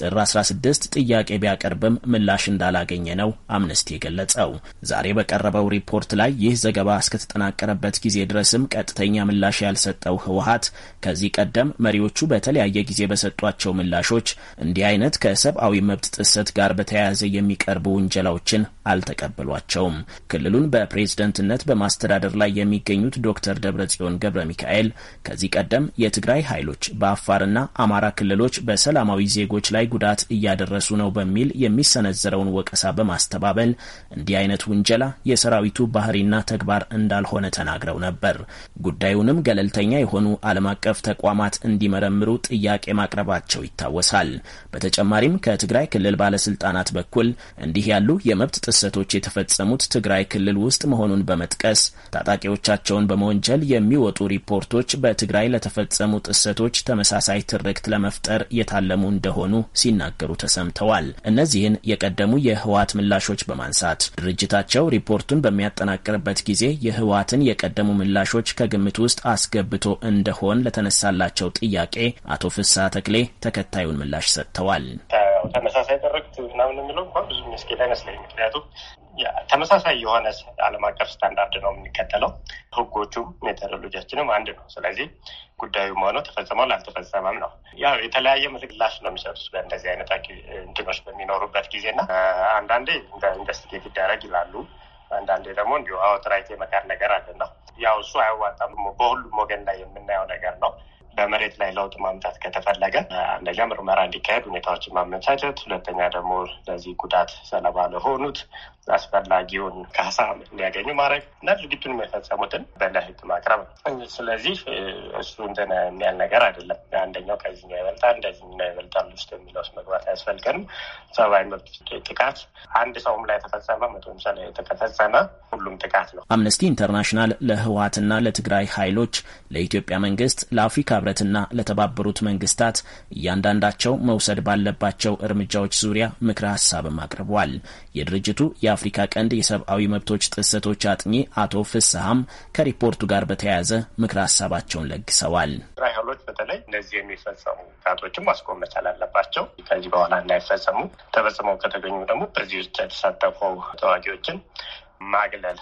Speaker 7: ጥር 16 ጥያቄ ቢያቀርብም ምላሽ እንዳላገኘ ነው አምነስቲ የገለጸው። ዛሬ በቀረበው ሪፖርት ላይ ይህ ዘገባ እስከተጠናቀረበት ጊዜ ድረስም ቀጥተኛ ምላሽ ያልሰጠው ህወሀት ከዚህ ቀደም መሪዎቹ በተለያየ ጊዜ በሰጧቸው ምላሾች እንዲህ አይነት ከሰብአዊ መብት ጥሰት ጋር በተያያዘ የሚቀርቡ ውንጀላዎችን አልተቀበሏቸውም። ክልሉን በፕሬዝደንትነት በማስተዳደር ላይ የሚገኙት ዶክተር ደብረጽዮን ገብረ ሚካኤል ከዚህ ቀደም የትግራይ ኃይሎች በአፋርና አማራ ክልሎች በሰላማዊ ዜጎች ላይ ላይ ጉዳት እያደረሱ ነው በሚል የሚሰነዘረውን ወቀሳ በማስተባበል እንዲህ አይነት ውንጀላ የሰራዊቱ ባህሪና ተግባር እንዳልሆነ ተናግረው ነበር። ጉዳዩንም ገለልተኛ የሆኑ ዓለም አቀፍ ተቋማት እንዲመረምሩ ጥያቄ ማቅረባቸው ይታወሳል። በተጨማሪም ከትግራይ ክልል ባለስልጣናት በኩል እንዲህ ያሉ የመብት ጥሰቶች የተፈጸሙት ትግራይ ክልል ውስጥ መሆኑን በመጥቀስ ታጣቂዎቻቸውን በመወንጀል የሚወጡ ሪፖርቶች በትግራይ ለተፈጸሙ ጥሰቶች ተመሳሳይ ትርክት ለመፍጠር የታለሙ እንደሆኑ ሲናገሩ ተሰምተዋል። እነዚህን የቀደሙ የህወሀት ምላሾች በማንሳት ድርጅታቸው ሪፖርቱን በሚያጠናቅርበት ጊዜ የህወሀትን የቀደሙ ምላሾች ከግምት ውስጥ አስገብቶ እንደሆን ለተነሳላቸው ጥያቄ አቶ ፍስሐ ተክሌ ተከታዩን ምላሽ ሰጥተዋል።
Speaker 2: ተመሳሳይ ደረግት ምናምን የሚለው እንኳን ብዙ መስኬድ አይመስለኝ። ምክንያቱም ተመሳሳይ የሆነ ዓለም አቀፍ ስታንዳርድ ነው የምንከተለው። ህጎቹም ሜቶዶሎጂያችንም አንድ ነው። ስለዚህ ጉዳዩ መሆኑ ተፈጸመው አልተፈጸመም ነው። ያው የተለያየ ምላሽ ነው የሚሰጡት በእንደዚህ አይነት እንትኖች በሚኖሩበት ጊዜና አንዳንዴ ኢንቨስቲጌት ይደረግ ይላሉ። አንዳንዴ ደግሞ እንዲሁ አውትራይት የመካድ ነገር አለ አለና ያው እሱ አያዋጣም። በሁሉም ወገን ላይ የምናየው ነገር ነው። በመሬት ላይ ለውጥ ማምጣት ከተፈለገ አንደኛ ምርመራ እንዲካሄድ ሁኔታዎችን ማመቻቸት፣ ሁለተኛ ደግሞ ለዚህ ጉዳት ሰለባ ለሆኑት አስፈላጊውን ካሳ እንዲያገኙ ማድረግ እና ድርጊቱን የፈጸሙትን በለህግ ማቅረብ ነው። ስለዚህ እሱ እንትን የሚያል ነገር አይደለም። አንደኛው ከዚህኛው ይበልጣል፣ እንደዚህኛው ይበልጣል ውስጥ የሚለው ውስጥ መግባት አያስፈልገንም። ሰብአዊ መብት ጥቃት አንድ ሰውም ላይ ተፈጸመ መቶ ምሳ ላይ የተፈጸመ ሁሉም ጥቃት ነው።
Speaker 7: አምነስቲ ኢንተርናሽናል ለህወሀትና ለትግራይ ኃይሎች ለኢትዮጵያ መንግስት፣ ለአፍሪካ ህብረትና ለተባበሩት መንግስታት እያንዳንዳቸው መውሰድ ባለባቸው እርምጃዎች ዙሪያ ምክረ ሀሳብም አቅርቧል። የድርጅቱ የ የአፍሪካ ቀንድ የሰብአዊ መብቶች ጥሰቶች አጥኚ አቶ ፍስሀም ከሪፖርቱ ጋር በተያያዘ ምክር ሀሳባቸውን ለግሰዋል። ኃይሎች በተለይ እነዚህ
Speaker 2: የሚፈጸሙ ጥቃቶችን ማስቆም መቻል አለባቸው። ከዚህ በኋላ እንዳይፈጸሙ ተፈጽመው ከተገኙ ደግሞ በዚህ ውስጥ የተሳተፉ ተዋጊዎችን ማግለል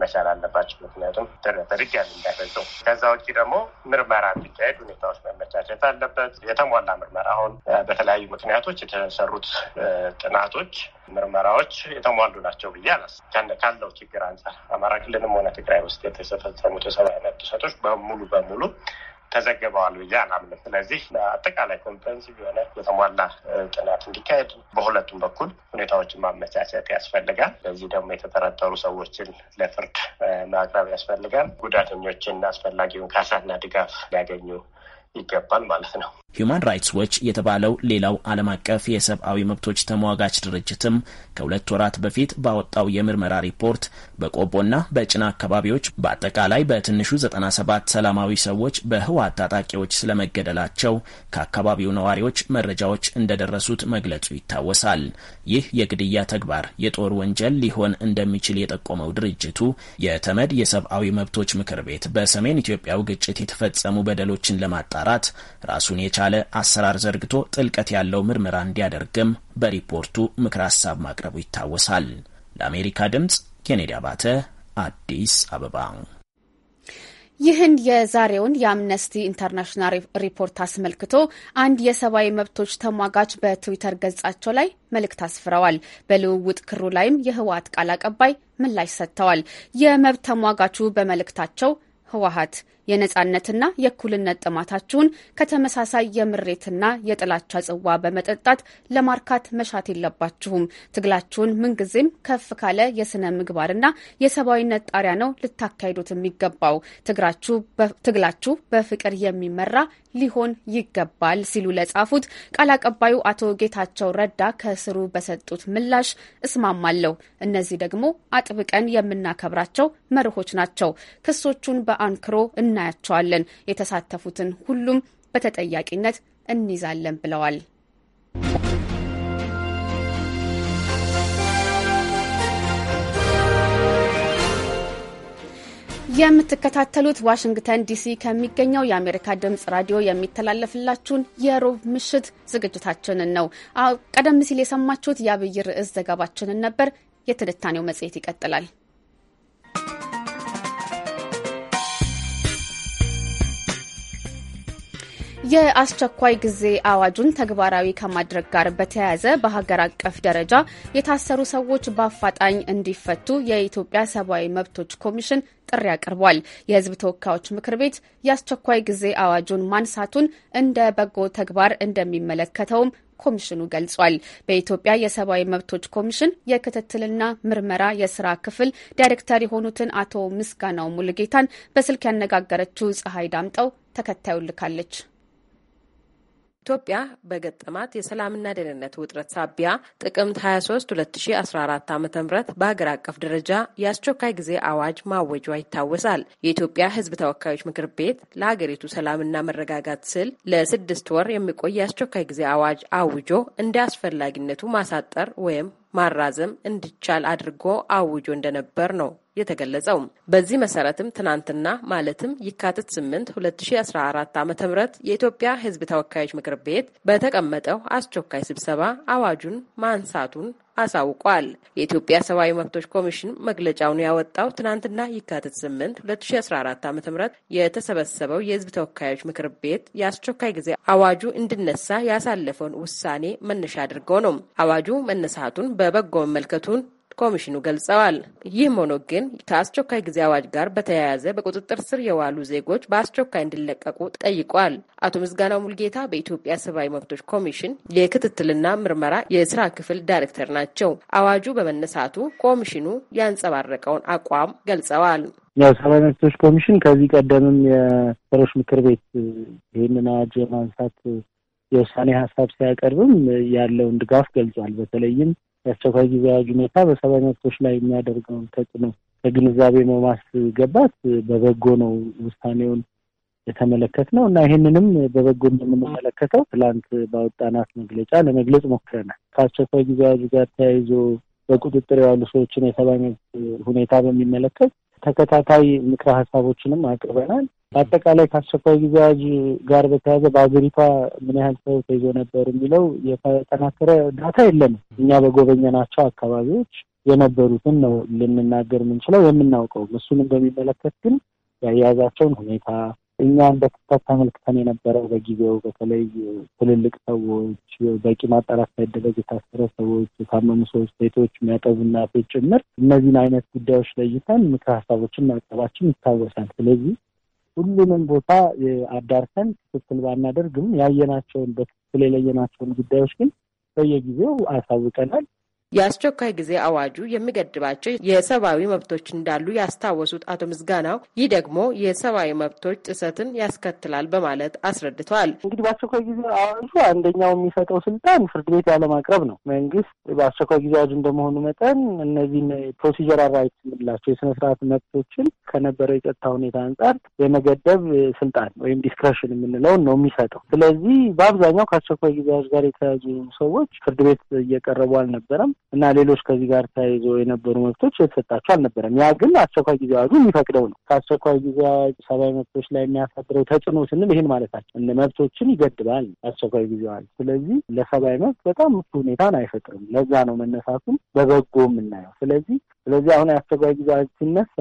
Speaker 2: መቻል አለባቸው። ምክንያቱም በድጋሚ እንዳይፈጽሙ። ከዛ ውጭ ደግሞ ምርመራ እንዲካሄድ ሁኔታዎች መመቻቸት አለበት። የተሟላ ምርመራ አሁን በተለያዩ ምክንያቶች የተሰሩት ጥናቶች፣ ምርመራዎች የተሟሉ ናቸው ብዬ አላስብም። ካለው ችግር አንጻር አማራ ክልልም ሆነ ትግራይ ውስጥ የተፈጸሙት የሰብአዊ መብት ጥሰቶች በሙሉ በሙሉ ተዘግበዋል ብዬ አላምንም። ስለዚህ አጠቃላይ ኮምፕሬንሲቭ የሆነ የተሟላ ጥናት እንዲካሄድ በሁለቱም በኩል ሁኔታዎችን ማመቻቸት ያስፈልጋል። ለዚህ ደግሞ የተጠረጠሩ ሰዎችን ለፍርድ ማቅረብ ያስፈልጋል። ጉዳተኞችን አስፈላጊውን ካሳና ድጋፍ ሊያገኙ ይገባል ማለት ነው።
Speaker 7: ሂዩማን ራይትስ ዎች የተባለው ሌላው ዓለም አቀፍ የሰብአዊ መብቶች ተሟጋች ድርጅትም ከሁለት ወራት በፊት ባወጣው የምርመራ ሪፖርት በቆቦና በጭና አካባቢዎች በአጠቃላይ በትንሹ 97 ሰላማዊ ሰዎች በህወሓት ታጣቂዎች ስለመገደላቸው ከአካባቢው ነዋሪዎች መረጃዎች እንደደረሱት መግለጹ ይታወሳል። ይህ የግድያ ተግባር የጦር ወንጀል ሊሆን እንደሚችል የጠቆመው ድርጅቱ የተመድ የሰብአዊ መብቶች ምክር ቤት በሰሜን ኢትዮጵያው ግጭት የተፈጸሙ በደሎችን ለማጣራት ራሱን የተቻለ አሰራር ዘርግቶ ጥልቀት ያለው ምርመራ እንዲያደርግም በሪፖርቱ ምክር ሀሳብ ማቅረቡ ይታወሳል። ለአሜሪካ ድምጽ ኬኔዲ አባተ አዲስ አበባ።
Speaker 1: ይህን የዛሬውን የአምነስቲ ኢንተርናሽናል ሪፖርት አስመልክቶ አንድ የሰብአዊ መብቶች ተሟጋች በትዊተር ገጻቸው ላይ መልእክት አስፍረዋል። በልውውጥ ክሩ ላይም የህወሀት ቃል አቀባይ ምላሽ ሰጥተዋል። የመብት ተሟጋቹ በመልእክታቸው ህወሀት የነጻነትና የእኩልነት ጥማታችሁን ከተመሳሳይ የምሬትና የጥላቻ ጽዋ በመጠጣት ለማርካት መሻት የለባችሁም። ትግላችሁን ምንጊዜም ከፍ ካለ የስነ ምግባርና የሰብአዊነት ጣሪያ ነው ልታካሂዱት የሚገባው። ትግላችሁ በፍቅር የሚመራ ሊሆን ይገባል ሲሉ ለጻፉት ቃል አቀባዩ አቶ ጌታቸው ረዳ ከስሩ በሰጡት ምላሽ እስማማለሁ። እነዚህ ደግሞ አጥብቀን የምናከብራቸው መርሆች ናቸው። ክሶቹን በአንክሮ እና እናያቸዋለን። የተሳተፉትን ሁሉም በተጠያቂነት እንይዛለን ብለዋል። የምትከታተሉት ዋሽንግተን ዲሲ ከሚገኘው የአሜሪካ ድምጽ ራዲዮ የሚተላለፍላችሁን የሮብ ምሽት ዝግጅታችንን ነው። ቀደም ሲል የሰማችሁት የአብይ ርዕስ ዘገባችንን ነበር። የትንታኔው መጽሔት ይቀጥላል። የአስቸኳይ ጊዜ አዋጁን ተግባራዊ ከማድረግ ጋር በተያያዘ በሀገር አቀፍ ደረጃ የታሰሩ ሰዎች በአፋጣኝ እንዲፈቱ የኢትዮጵያ ሰብአዊ መብቶች ኮሚሽን ጥሪ አቅርቧል። የሕዝብ ተወካዮች ምክር ቤት የአስቸኳይ ጊዜ አዋጁን ማንሳቱን እንደ በጎ ተግባር እንደሚመለከተውም ኮሚሽኑ ገልጿል። በኢትዮጵያ የሰብአዊ መብቶች ኮሚሽን የክትትልና ምርመራ የስራ ክፍል ዳይሬክተር የሆኑትን አቶ ምስጋናው ሙልጌታን በስልክ ያነጋገረችው ፀሐይ ዳምጠው ተከታዩ ልካለች።
Speaker 9: ኢትዮጵያ በገጠማት የሰላምና ደህንነት ውጥረት ሳቢያ ጥቅምት 23 2014 ዓ ም በሀገር አቀፍ ደረጃ የአስቸኳይ ጊዜ አዋጅ ማወጇ ይታወሳል። የኢትዮጵያ ሕዝብ ተወካዮች ምክር ቤት ለሀገሪቱ ሰላምና መረጋጋት ስል ለስድስት ወር የሚቆይ የአስቸኳይ ጊዜ አዋጅ አውጆ እንደ አስፈላጊነቱ ማሳጠር ወይም ማራዘም እንዲቻል አድርጎ አውጆ እንደነበር ነው የተገለጸው። በዚህ መሰረትም ትናንትና ማለትም የካቲት 8 2014 ዓ ም የኢትዮጵያ ሕዝብ ተወካዮች ምክር ቤት በተቀመጠው አስቸኳይ ስብሰባ አዋጁን ማንሳቱን አሳውቋል። የኢትዮጵያ ሰብአዊ መብቶች ኮሚሽን መግለጫውን ያወጣው ትናንትና የካቲት 8 2014 ዓ ም የተሰበሰበው የህዝብ ተወካዮች ምክር ቤት የአስቸኳይ ጊዜ አዋጁ እንዲነሳ ያሳለፈውን ውሳኔ መነሻ አድርጎ ነው። አዋጁ መነሳቱን በበጎ መመልከቱን ኮሚሽኑ ገልጸዋል። ይህም ሆኖ ግን ከአስቸኳይ ጊዜ አዋጅ ጋር በተያያዘ በቁጥጥር ስር የዋሉ ዜጎች በአስቸኳይ እንዲለቀቁ ጠይቋል። አቶ ምዝጋናው ሙልጌታ በኢትዮጵያ ሰብአዊ መብቶች ኮሚሽን የክትትልና ምርመራ የስራ ክፍል ዳይሬክተር ናቸው። አዋጁ በመነሳቱ ኮሚሽኑ ያንጸባረቀውን አቋም ገልጸዋል።
Speaker 6: ያው ሰብአዊ መብቶች ኮሚሽን ከዚህ ቀደምም የፌዴሬሽን ምክር ቤት ይህንን አዋጅ የማንሳት የውሳኔ ሀሳብ ሲያቀርብም ያለውን ድጋፍ ገልጿል። በተለይም የአስቸኳይ ጊዜ አዋጅ ሁኔታ በሰብአዊ መብቶች ላይ የሚያደርገውን ተጽዕኖ ከግንዛቤ በማስገባት በበጎ ነው ውሳኔውን የተመለከት ነው እና ይህንንም በበጎ እንደምንመለከተው ትላንት ባወጣናት መግለጫ ለመግለጽ ሞክረናል። ከአስቸኳይ ጊዜ አዋጁ ጋር ተያይዞ በቁጥጥር ያሉ ሰዎችን የሰብአዊ መብት ሁኔታ በሚመለከት ተከታታይ ምክረ ሀሳቦችንም አቅርበናል። በአጠቃላይ ከአስቸኳይ ጊዜ አዋጅ ጋር በተያያዘ በሀገሪቷ ምን ያህል ሰው ተይዞ ነበር የሚለው የተጠናከረ ዳታ የለንም። እኛ በጎበኘናቸው አካባቢዎች የነበሩትን ነው ልንናገር የምንችለው የምናውቀው። እሱን በሚመለከት ግን ያያዛቸውን ሁኔታ እኛ እንደ ክፍተት ተመልክተን የነበረው በጊዜው በተለይ ትልልቅ ሰዎች፣ በቂ ማጣራት ሳይደረግ የታሰረ ሰዎች፣ የታመሙ ሰዎች፣ ሴቶች፣ የሚያጠቡ እናቶች ጭምር እነዚህን አይነት ጉዳዮች ለይተን ምክር ሀሳቦችን ማቅረባችን ይታወሳል። ስለዚህ ሁሉንም ቦታ አዳርሰን ክትትል ባናደርግም ያየናቸውን በክትትል የለየናቸውን ጉዳዮች ግን በየጊዜው አሳውቀናል።
Speaker 9: የአስቸኳይ ጊዜ አዋጁ የሚገድባቸው የሰብአዊ መብቶች እንዳሉ ያስታወሱት አቶ ምዝጋናው ይህ ደግሞ የሰብአዊ መብቶች ጥሰትን ያስከትላል በማለት አስረድተዋል። እንግዲህ በአስቸኳይ ጊዜ አዋጁ
Speaker 6: አንደኛው የሚሰጠው ስልጣን ፍርድ ቤት ያለማቅረብ ነው። መንግስት በአስቸኳይ ጊዜ አዋጁ እንደመሆኑ መጠን እነዚህን ፕሮሲጀራል ራይት የምንላቸው የስነ ስርዓት መብቶችን ከነበረው የጸጥታ ሁኔታ አንጻር የመገደብ ስልጣን ወይም ዲስክሬሽን የምንለውን ነው የሚሰጠው። ስለዚህ በአብዛኛው ከአስቸኳይ ጊዜ አዋጅ ጋር የተያዙ ሰዎች ፍርድ ቤት እየቀረቡ አልነበረም። እና ሌሎች ከዚህ ጋር ተያይዘው የነበሩ መብቶች የተሰጣቸው አልነበረም። ያ ግን አስቸኳይ ጊዜ አዋጁ የሚፈቅደው ነው። ከአስቸኳይ ጊዜ አዋጅ ሰብአዊ መብቶች ላይ የሚያሳድረው ተጽዕኖ ስንል ይህን ማለታቸው እ መብቶችን ይገድባል አስቸኳይ ጊዜ አዋጅ። ስለዚህ ለሰብአዊ መብት በጣም ምቹ ሁኔታን አይፈጥርም። ለዛ ነው መነሳቱም በበጎ የምናየው። ስለዚህ ስለዚህ አሁን የአስቸኳይ ጊዜ አዋጅ ሲነሳ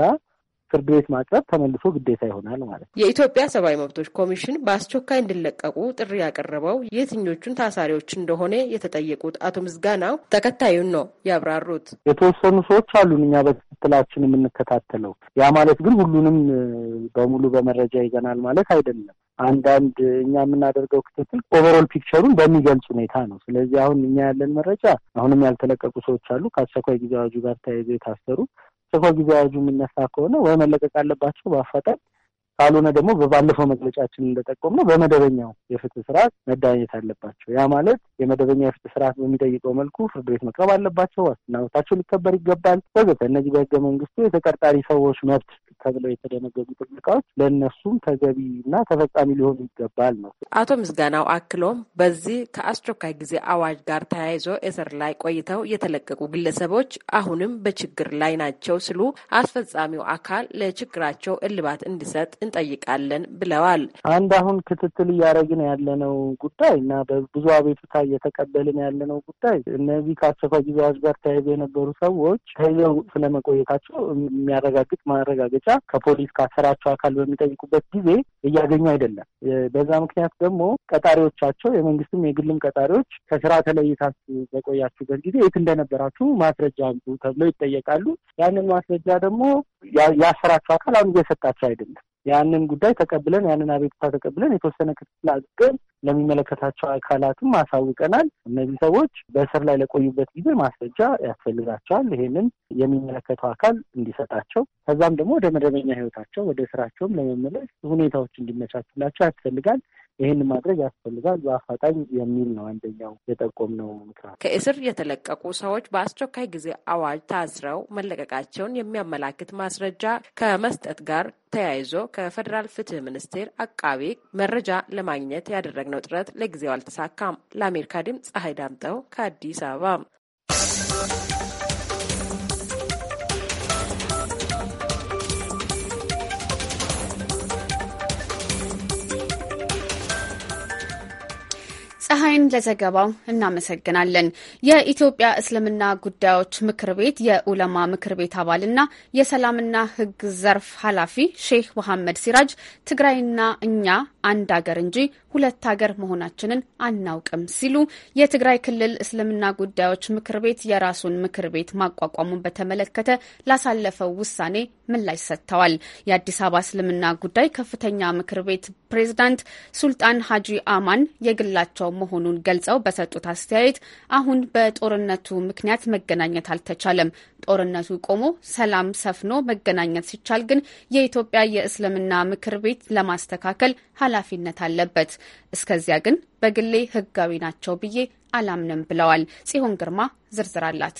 Speaker 6: ፍርድ ቤት ማቅረብ ተመልሶ ግዴታ ይሆናል ማለት ነው።
Speaker 9: የኢትዮጵያ ሰብአዊ መብቶች ኮሚሽን በአስቸኳይ እንዲለቀቁ ጥሪ ያቀረበው የትኞቹን ታሳሪዎች እንደሆነ የተጠየቁት አቶ ምዝጋናው ተከታዩን ነው ያብራሩት።
Speaker 6: የተወሰኑ ሰዎች አሉን እኛ በክትትላችን የምንከታተለው። ያ ማለት ግን ሁሉንም በሙሉ በመረጃ ይዘናል ማለት አይደለም። አንዳንድ እኛ የምናደርገው ክትትል ኦቨሮል ፒክቸሩን በሚገልጽ ሁኔታ ነው። ስለዚህ አሁን እኛ ያለን መረጃ አሁንም ያልተለቀቁ ሰዎች አሉ፣ ከአስቸኳይ ጊዜ አዋጁ ጋር ተያይዘ የታሰሩ ጽፎ ጊዜ አዋጁ የሚነሳ ከሆነ ወይ መለቀቅ አለባቸው በአፋጣኝ ካልሆነ ደግሞ በባለፈው መግለጫችን እንደጠቆምነው በመደበኛው የፍትህ ስርዓት መዳኘት አለባቸው። ያ ማለት የመደበኛ የፍትህ ስርዓት በሚጠይቀው መልኩ ፍርድ ቤት መቅረብ አለባቸው። ዋስትና መብታቸው ሊከበር ይገባል ወዘተ። እነዚህ በህገ መንግስቱ የተጠርጣሪ ሰዎች መብት ተብለው የተደነገጉት ጥበቃዎች ለእነሱም ተገቢ እና ተፈጻሚ ሊሆኑ ይገባል ነው።
Speaker 9: አቶ ምስጋናው አክሎም በዚህ ከአስቸኳይ ጊዜ አዋጅ ጋር ተያይዞ እስር ላይ ቆይተው የተለቀቁ ግለሰቦች አሁንም በችግር ላይ ናቸው ሲሉ አስፈጻሚው አካል ለችግራቸው እልባት እንዲሰጥ እንጠይቃለን ብለዋል።
Speaker 6: አንድ አሁን ክትትል እያደረግን ያለነው ጉዳይ እና በብዙ አቤቱታ እየተቀበልን ያለነው ጉዳይ እነዚህ ከአስቸኳይ ጊዜ አዋጅ ጋር ተያይዘው የነበሩ ሰዎች ተይዘው ስለመቆየታቸው የሚያረጋግጥ ማረጋገጫ ከፖሊስ ካሰራቸው አካል በሚጠይቁበት ጊዜ እያገኙ አይደለም። በዛ ምክንያት ደግሞ ቀጣሪዎቻቸው የመንግስትም የግልም ቀጣሪዎች ከስራ ተለይታችሁ በቆያችሁበት ጊዜ የት እንደነበራችሁ ማስረጃ አምጡ ተብለው ይጠየቃሉ። ያንን ማስረጃ ደግሞ ያሰራቸው አካል አሁን እየሰጣቸው አይደለም። ያንን ጉዳይ ተቀብለን ያንን አቤቱታ ተቀብለን የተወሰነ ክትትል አድርገን ለሚመለከታቸው አካላትም አሳውቀናል። እነዚህ ሰዎች በእስር ላይ ለቆዩበት ጊዜ ማስረጃ ያስፈልጋቸዋል። ይሄንን የሚመለከተው አካል እንዲሰጣቸው፣ ከዛም ደግሞ ወደ መደበኛ ህይወታቸው ወደ ስራቸውም ለመመለስ ሁኔታዎች እንዲመቻችላቸው ያስፈልጋል። ይህን ማድረግ ያስፈልጋል በአፋጣኝ የሚል ነው አንደኛው የጠቆምነው ምክር። ከእስር
Speaker 9: የተለቀቁ ሰዎች በአስቸኳይ ጊዜ አዋጅ ታስረው መለቀቃቸውን የሚያመላክት ማስረጃ ከመስጠት ጋር ተያይዞ ከፌዴራል ፍትህ ሚኒስቴር አቃቤ መረጃ ለማግኘት ያደረግነው ጥረት ለጊዜው አልተሳካም። ለአሜሪካ ድምፅ ፀሐይ ዳምጠው ከአዲስ አበባ
Speaker 1: ፀሐይን ለዘገባው እናመሰግናለን። የኢትዮጵያ እስልምና ጉዳዮች ምክር ቤት የኡለማ ምክር ቤት አባልና የሰላምና ሕግ ዘርፍ ኃላፊ ሼህ መሐመድ ሲራጅ ትግራይና እኛ አንድ አገር እንጂ ሁለት አገር መሆናችንን አናውቅም ሲሉ የትግራይ ክልል እስልምና ጉዳዮች ምክር ቤት የራሱን ምክር ቤት ማቋቋሙን በተመለከተ ላሳለፈው ውሳኔ ምላሽ ሰጥተዋል። የአዲስ አበባ እስልምና ጉዳይ ከፍተኛ ምክር ቤት ፕሬዝዳንት ሱልጣን ሀጂ አማን የግላቸው መሆኑን ገልጸው በሰጡት አስተያየት አሁን በጦርነቱ ምክንያት መገናኘት አልተቻለም። ጦርነቱ ቆሞ ሰላም ሰፍኖ መገናኘት ሲቻል ግን የኢትዮጵያ የእስልምና ምክር ቤት ለማስተካከል ኃላ ኃላፊነት አለበት። እስከዚያ ግን በግሌ ህጋዊ ናቸው ብዬ አላምንም ብለዋል። ጽሆን ግርማ ዝርዝር አላት።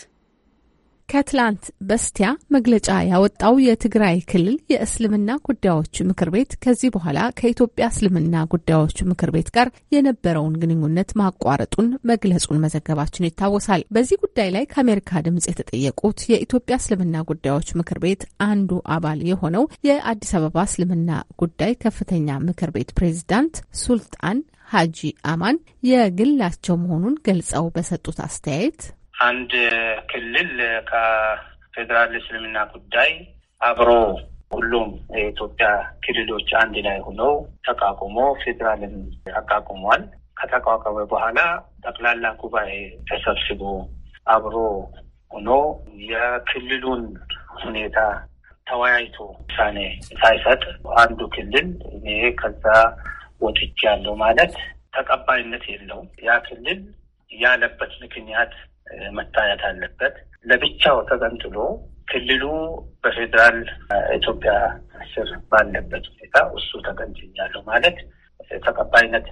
Speaker 10: ከትላንት በስቲያ መግለጫ ያወጣው የትግራይ ክልል የእስልምና ጉዳዮች ምክር ቤት ከዚህ በኋላ ከኢትዮጵያ እስልምና ጉዳዮች ምክር ቤት ጋር የነበረውን ግንኙነት ማቋረጡን መግለጹን መዘገባችን ይታወሳል። በዚህ ጉዳይ ላይ ከአሜሪካ ድምጽ የተጠየቁት የኢትዮጵያ እስልምና ጉዳዮች ምክር ቤት አንዱ አባል የሆነው የአዲስ አበባ እስልምና ጉዳይ ከፍተኛ ምክር ቤት ፕሬዝዳንት ሱልጣን ሀጂ አማን የግላቸው መሆኑን ገልጸው በሰጡት አስተያየት
Speaker 11: አንድ ክልል ከፌዴራል እስልምና ጉዳይ አብሮ ሁሉም የኢትዮጵያ ክልሎች አንድ ላይ ሆነው ተቋቁሞ ፌዴራልን አቋቁሟል። ከተቋቋመ በኋላ ጠቅላላ ጉባኤ ተሰብስቦ አብሮ ሆኖ የክልሉን ሁኔታ ተወያይቶ ውሳኔ ሳይሰጥ አንዱ ክልል እኔ ከዛ ያለው ማለት ተቀባይነት የለውም። ያ ክልል ያለበት ምክንያት መታየት አለበት። ለብቻው ተገንጥሎ ክልሉ በፌዴራል ኢትዮጵያ ስር ባለበት ሁኔታ እሱ ተገንጥያለሁ ማለት ተቀባይነት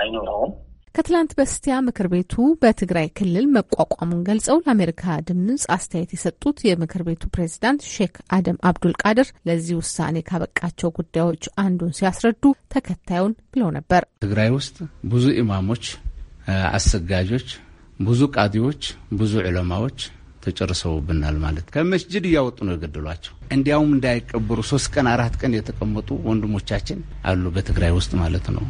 Speaker 11: አይኖረውም።
Speaker 10: ከትላንት በስቲያ ምክር ቤቱ በትግራይ ክልል መቋቋሙን ገልጸው ለአሜሪካ ድምፅ አስተያየት የሰጡት የምክር ቤቱ ፕሬዚዳንት ሼክ አደም አብዱል ቃድር ለዚህ ውሳኔ ካበቃቸው ጉዳዮች አንዱን ሲያስረዱ ተከታዩን ብለው ነበር።
Speaker 8: ትግራይ ውስጥ ብዙ ኢማሞች፣ አሰጋጆች ብዙ ቃዲዎች፣ ብዙ ዕለማዎች ተጨርሰውብናል ማለት ከመስጅድ እያወጡ ነው የገደሏቸው። እንዲያውም እንዳይቀበሩ ሶስት ቀን አራት ቀን የተቀመጡ ወንድሞቻችን አሉ በትግራይ ውስጥ ማለት ነው።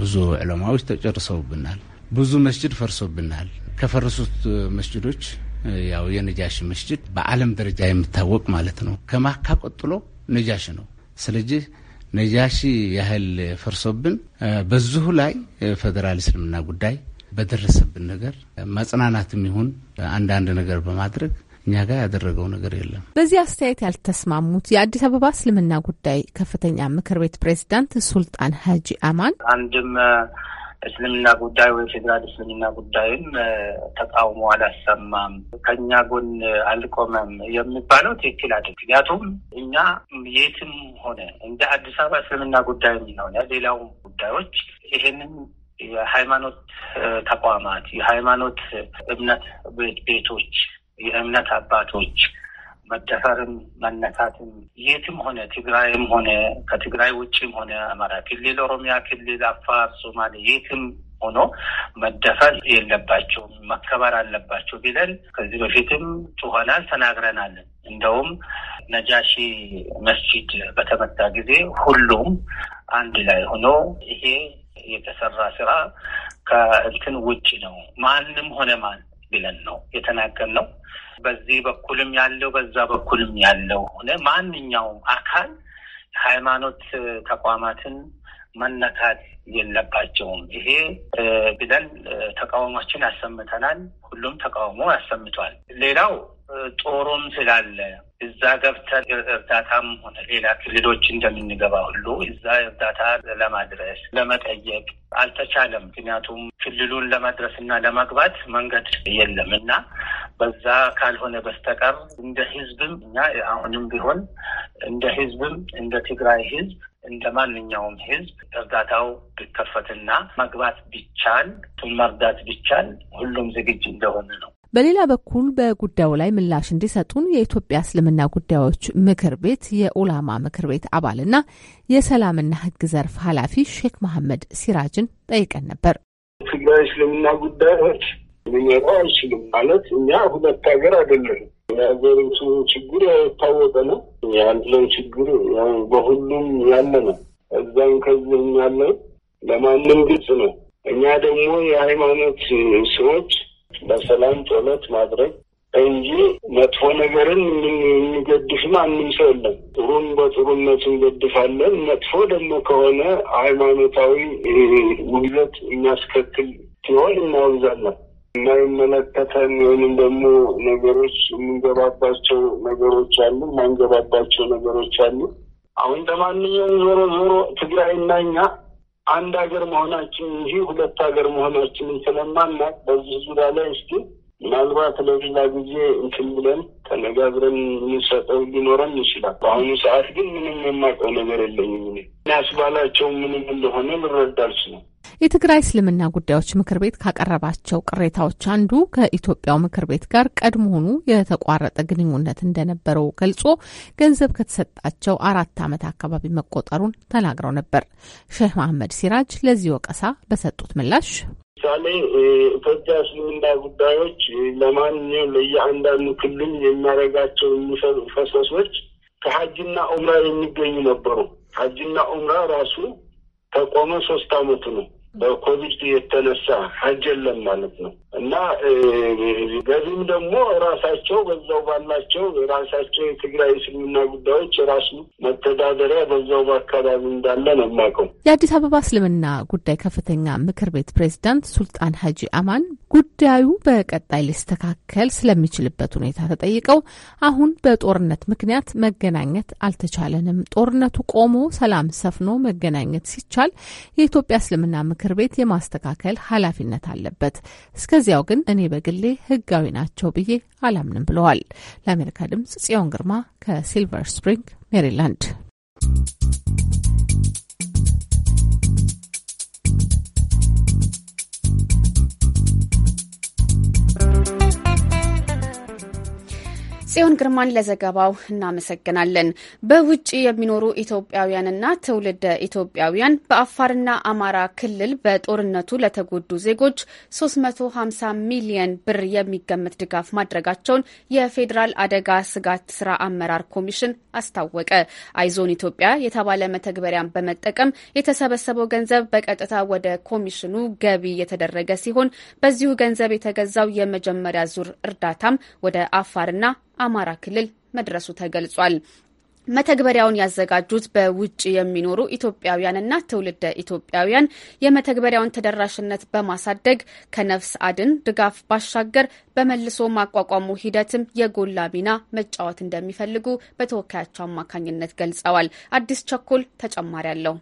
Speaker 8: ብዙ ዕለማዎች ተጨርሰውብናል። ብዙ መስጅድ ፈርሶብናል። ከፈረሱት መስጅዶች ያው የነጃሽ መስጅድ በዓለም ደረጃ የሚታወቅ ማለት ነው። ከማካ ቀጥሎ ነጃሽ ነው። ስለዚህ ነጃሺ ያህል ፈርሶብን በዚሁ ላይ ፌዴራል እስልምና ጉዳይ በደረሰብን ነገር መጽናናትም ይሁን አንዳንድ ነገር በማድረግ እኛ ጋር ያደረገው ነገር የለም።
Speaker 10: በዚህ አስተያየት ያልተስማሙት የአዲስ አበባ እስልምና ጉዳይ ከፍተኛ ምክር ቤት ፕሬዚዳንት ሱልጣን ሀጂ አማን
Speaker 11: አንድም እስልምና ጉዳይ ወይ ፌዴራል እስልምና ጉዳይም ተቃውሞ አላሰማም፣ ከኛ ጎን አልቆመም የሚባለው ትክክል አይደለም። ምክንያቱም እኛ የትም ሆነ እንደ አዲስ አበባ እስልምና ጉዳይ የሚሆነ ሌላውም ጉዳዮች ይሄንን የሃይማኖት ተቋማት፣ የሃይማኖት እምነት ቤቶች፣ የእምነት አባቶች መደፈርም መነሳትም የትም ሆነ ትግራይም ሆነ ከትግራይ ውጭም ሆነ አማራ ክልል፣ ኦሮሚያ ክልል፣ አፋር፣ ሶማሌ የትም ሆኖ መደፈር የለባቸውም መከበር አለባቸው ብለን ከዚህ በፊትም ጩኸናል፣ ተናግረናለን። እንደውም ነጃሺ መስጂድ በተመታ ጊዜ ሁሉም አንድ ላይ ሆኖ ይሄ የተሰራ ስራ ከእንትን ውጭ ነው። ማንም ሆነ ማን ብለን ነው የተናገርነው። በዚህ በኩልም ያለው በዛ በኩልም ያለው ሆነ ማንኛውም አካል ሃይማኖት ተቋማትን መነካት የለባቸውም። ይሄ ብለን ተቃውሟችን አሰምተናል። ሁሉም ተቃውሞ አሰምቷል። ሌላው ጦሩም ስላለ እዛ ገብተን እርዳታም ሆነ ሌላ ክልሎች እንደምንገባ ሁሉ እዛ እርዳታ ለማድረስ ለመጠየቅ አልተቻለም። ምክንያቱም ክልሉን ለመድረስ እና ለመግባት መንገድ የለም እና በዛ ካልሆነ በስተቀር እንደ ህዝብም እና አሁንም ቢሆን እንደ ህዝብም እንደ ትግራይ ህዝብ እንደ ማንኛውም ህዝብ እርዳታው ቢከፈትና መግባት ቢቻል መርዳት ቢቻል ሁሉም ዝግጅ እንደሆነ ነው
Speaker 10: በሌላ በኩል በጉዳዩ ላይ ምላሽ እንዲሰጡን የኢትዮጵያ እስልምና ጉዳዮች ምክር ቤት የኡላማ ምክር ቤት አባልና የሰላምና ሕግ ዘርፍ ኃላፊ ሼክ መሐመድ ሲራጅን ጠይቀን ነበር።
Speaker 12: እስልምና ጉዳዮች ሊመራ አይችልም ማለት እኛ ሁለት ሀገር አይደለንም። የሀገሪቱ ችግር የታወቀ ነው። የአንድ ችግር በሁሉም ያለ ነው። እዛም ከዚህም ያለው ለማንም ግልጽ ነው። እኛ ደግሞ የሃይማኖት ሰዎች በሰላም ጸሎት ማድረግ እንጂ መጥፎ ነገርን የሚገድፍ ማንም ሰው የለም። ጥሩን በጥሩነቱ እንገድፋለን። መጥፎ ደግሞ ከሆነ ሃይማኖታዊ ውግዘት የሚያስከትል ሲሆን እናወግዛለን የማይመለከተን የመለከተን ወይም ደግሞ ነገሮች የምንገባባቸው ነገሮች አሉ፣ የማንገባባቸው ነገሮች አሉ። አሁን ለማንኛውም ዞሮ ዞሮ ትግራይና እኛ አንድ ሀገር መሆናችን እንጂ ሁለት ሀገር መሆናችንን ስለማናቅ በዚህ ዙሪያ ላይ እስኪ ምናልባት ለሌላ ጊዜ እንትን ብለን ተነጋግረን የምንሰጠው ሊኖረን ይችላል። በአሁኑ ሰዓት ግን ምንም የማውቀው ነገር የለኝም። ምን ያስባላቸው ምንም እንደሆነ ልረዳ አልችልም።
Speaker 10: የትግራይ እስልምና ጉዳዮች ምክር ቤት ካቀረባቸው ቅሬታዎች አንዱ ከኢትዮጵያው ምክር ቤት ጋር ቀድሞውኑ የተቋረጠ ግንኙነት እንደነበረው ገልጾ ገንዘብ ከተሰጣቸው አራት ዓመት አካባቢ መቆጠሩን ተናግረው ነበር። ሼህ መሐመድ ሲራጅ ለዚህ ወቀሳ በሰጡት ምላሽ
Speaker 12: ምሳሌ ኢትዮጵያ እስልምና ጉዳዮች ለማንኛውም ለየአንዳንዱ ክልል የሚያደርጋቸው የሚሰሩ ፈሰሶች ከሀጅና ኡምራ የሚገኙ ነበሩ። ሀጅና ኡምራ ራሱ ተቆመ ሶስት አመቱ ነው። በኮቪድ የተነሳ ሀጅ የለም ማለት ነው። እና ገቢም ደግሞ ራሳቸው በዛው ባላቸው ራሳቸው የትግራይ እስልምና ጉዳዮች የራሱ መተዳደሪያ በዛው በአካባቢ እንዳለ ነው የማውቀው።
Speaker 10: የአዲስ አበባ እስልምና ጉዳይ ከፍተኛ ምክር ቤት ፕሬዝዳንት ሱልጣን ሀጂ አማን ጉዳዩ በቀጣይ ሊስተካከል ስለሚችልበት ሁኔታ ተጠይቀው አሁን በጦርነት ምክንያት መገናኘት አልተቻለንም፣ ጦርነቱ ቆሞ ሰላም ሰፍኖ መገናኘት ሲቻል የኢትዮጵያ እስልምና ምክር ቤት የማስተካከል ኃላፊነት አለበት እስከ ከዚያው ግን እኔ በግሌ ህጋዊ ናቸው ብዬ አላምንም ብለዋል። ለአሜሪካ ድምጽ ጽዮን ግርማ ከሲልቨር ስፕሪንግ ሜሪላንድ
Speaker 1: ጽዮን ግርማን ለዘገባው እናመሰግናለን። በውጭ የሚኖሩ ኢትዮጵያውያንና ትውልደ ኢትዮጵያውያን በአፋርና አማራ ክልል በጦርነቱ ለተጎዱ ዜጎች 350 ሚሊየን ብር የሚገመት ድጋፍ ማድረጋቸውን የፌዴራል አደጋ ስጋት ስራ አመራር ኮሚሽን አስታወቀ። አይዞን ኢትዮጵያ የተባለ መተግበሪያን በመጠቀም የተሰበሰበው ገንዘብ በቀጥታ ወደ ኮሚሽኑ ገቢ የተደረገ ሲሆን በዚሁ ገንዘብ የተገዛው የመጀመሪያ ዙር እርዳታም ወደ አፋርና አማራ ክልል መድረሱ ተገልጿል። መተግበሪያውን ያዘጋጁት በውጭ የሚኖሩ ኢትዮጵያውያንና ትውልደ ኢትዮጵያውያን የመተግበሪያውን ተደራሽነት በማሳደግ ከነፍስ አድን ድጋፍ ባሻገር በመልሶ ማቋቋሙ ሂደትም የጎላ ሚና መጫወት እንደሚፈልጉ በተወካያቸው አማካኝነት ገልጸዋል። አዲስ ቸኮል ተጨማሪ አለው።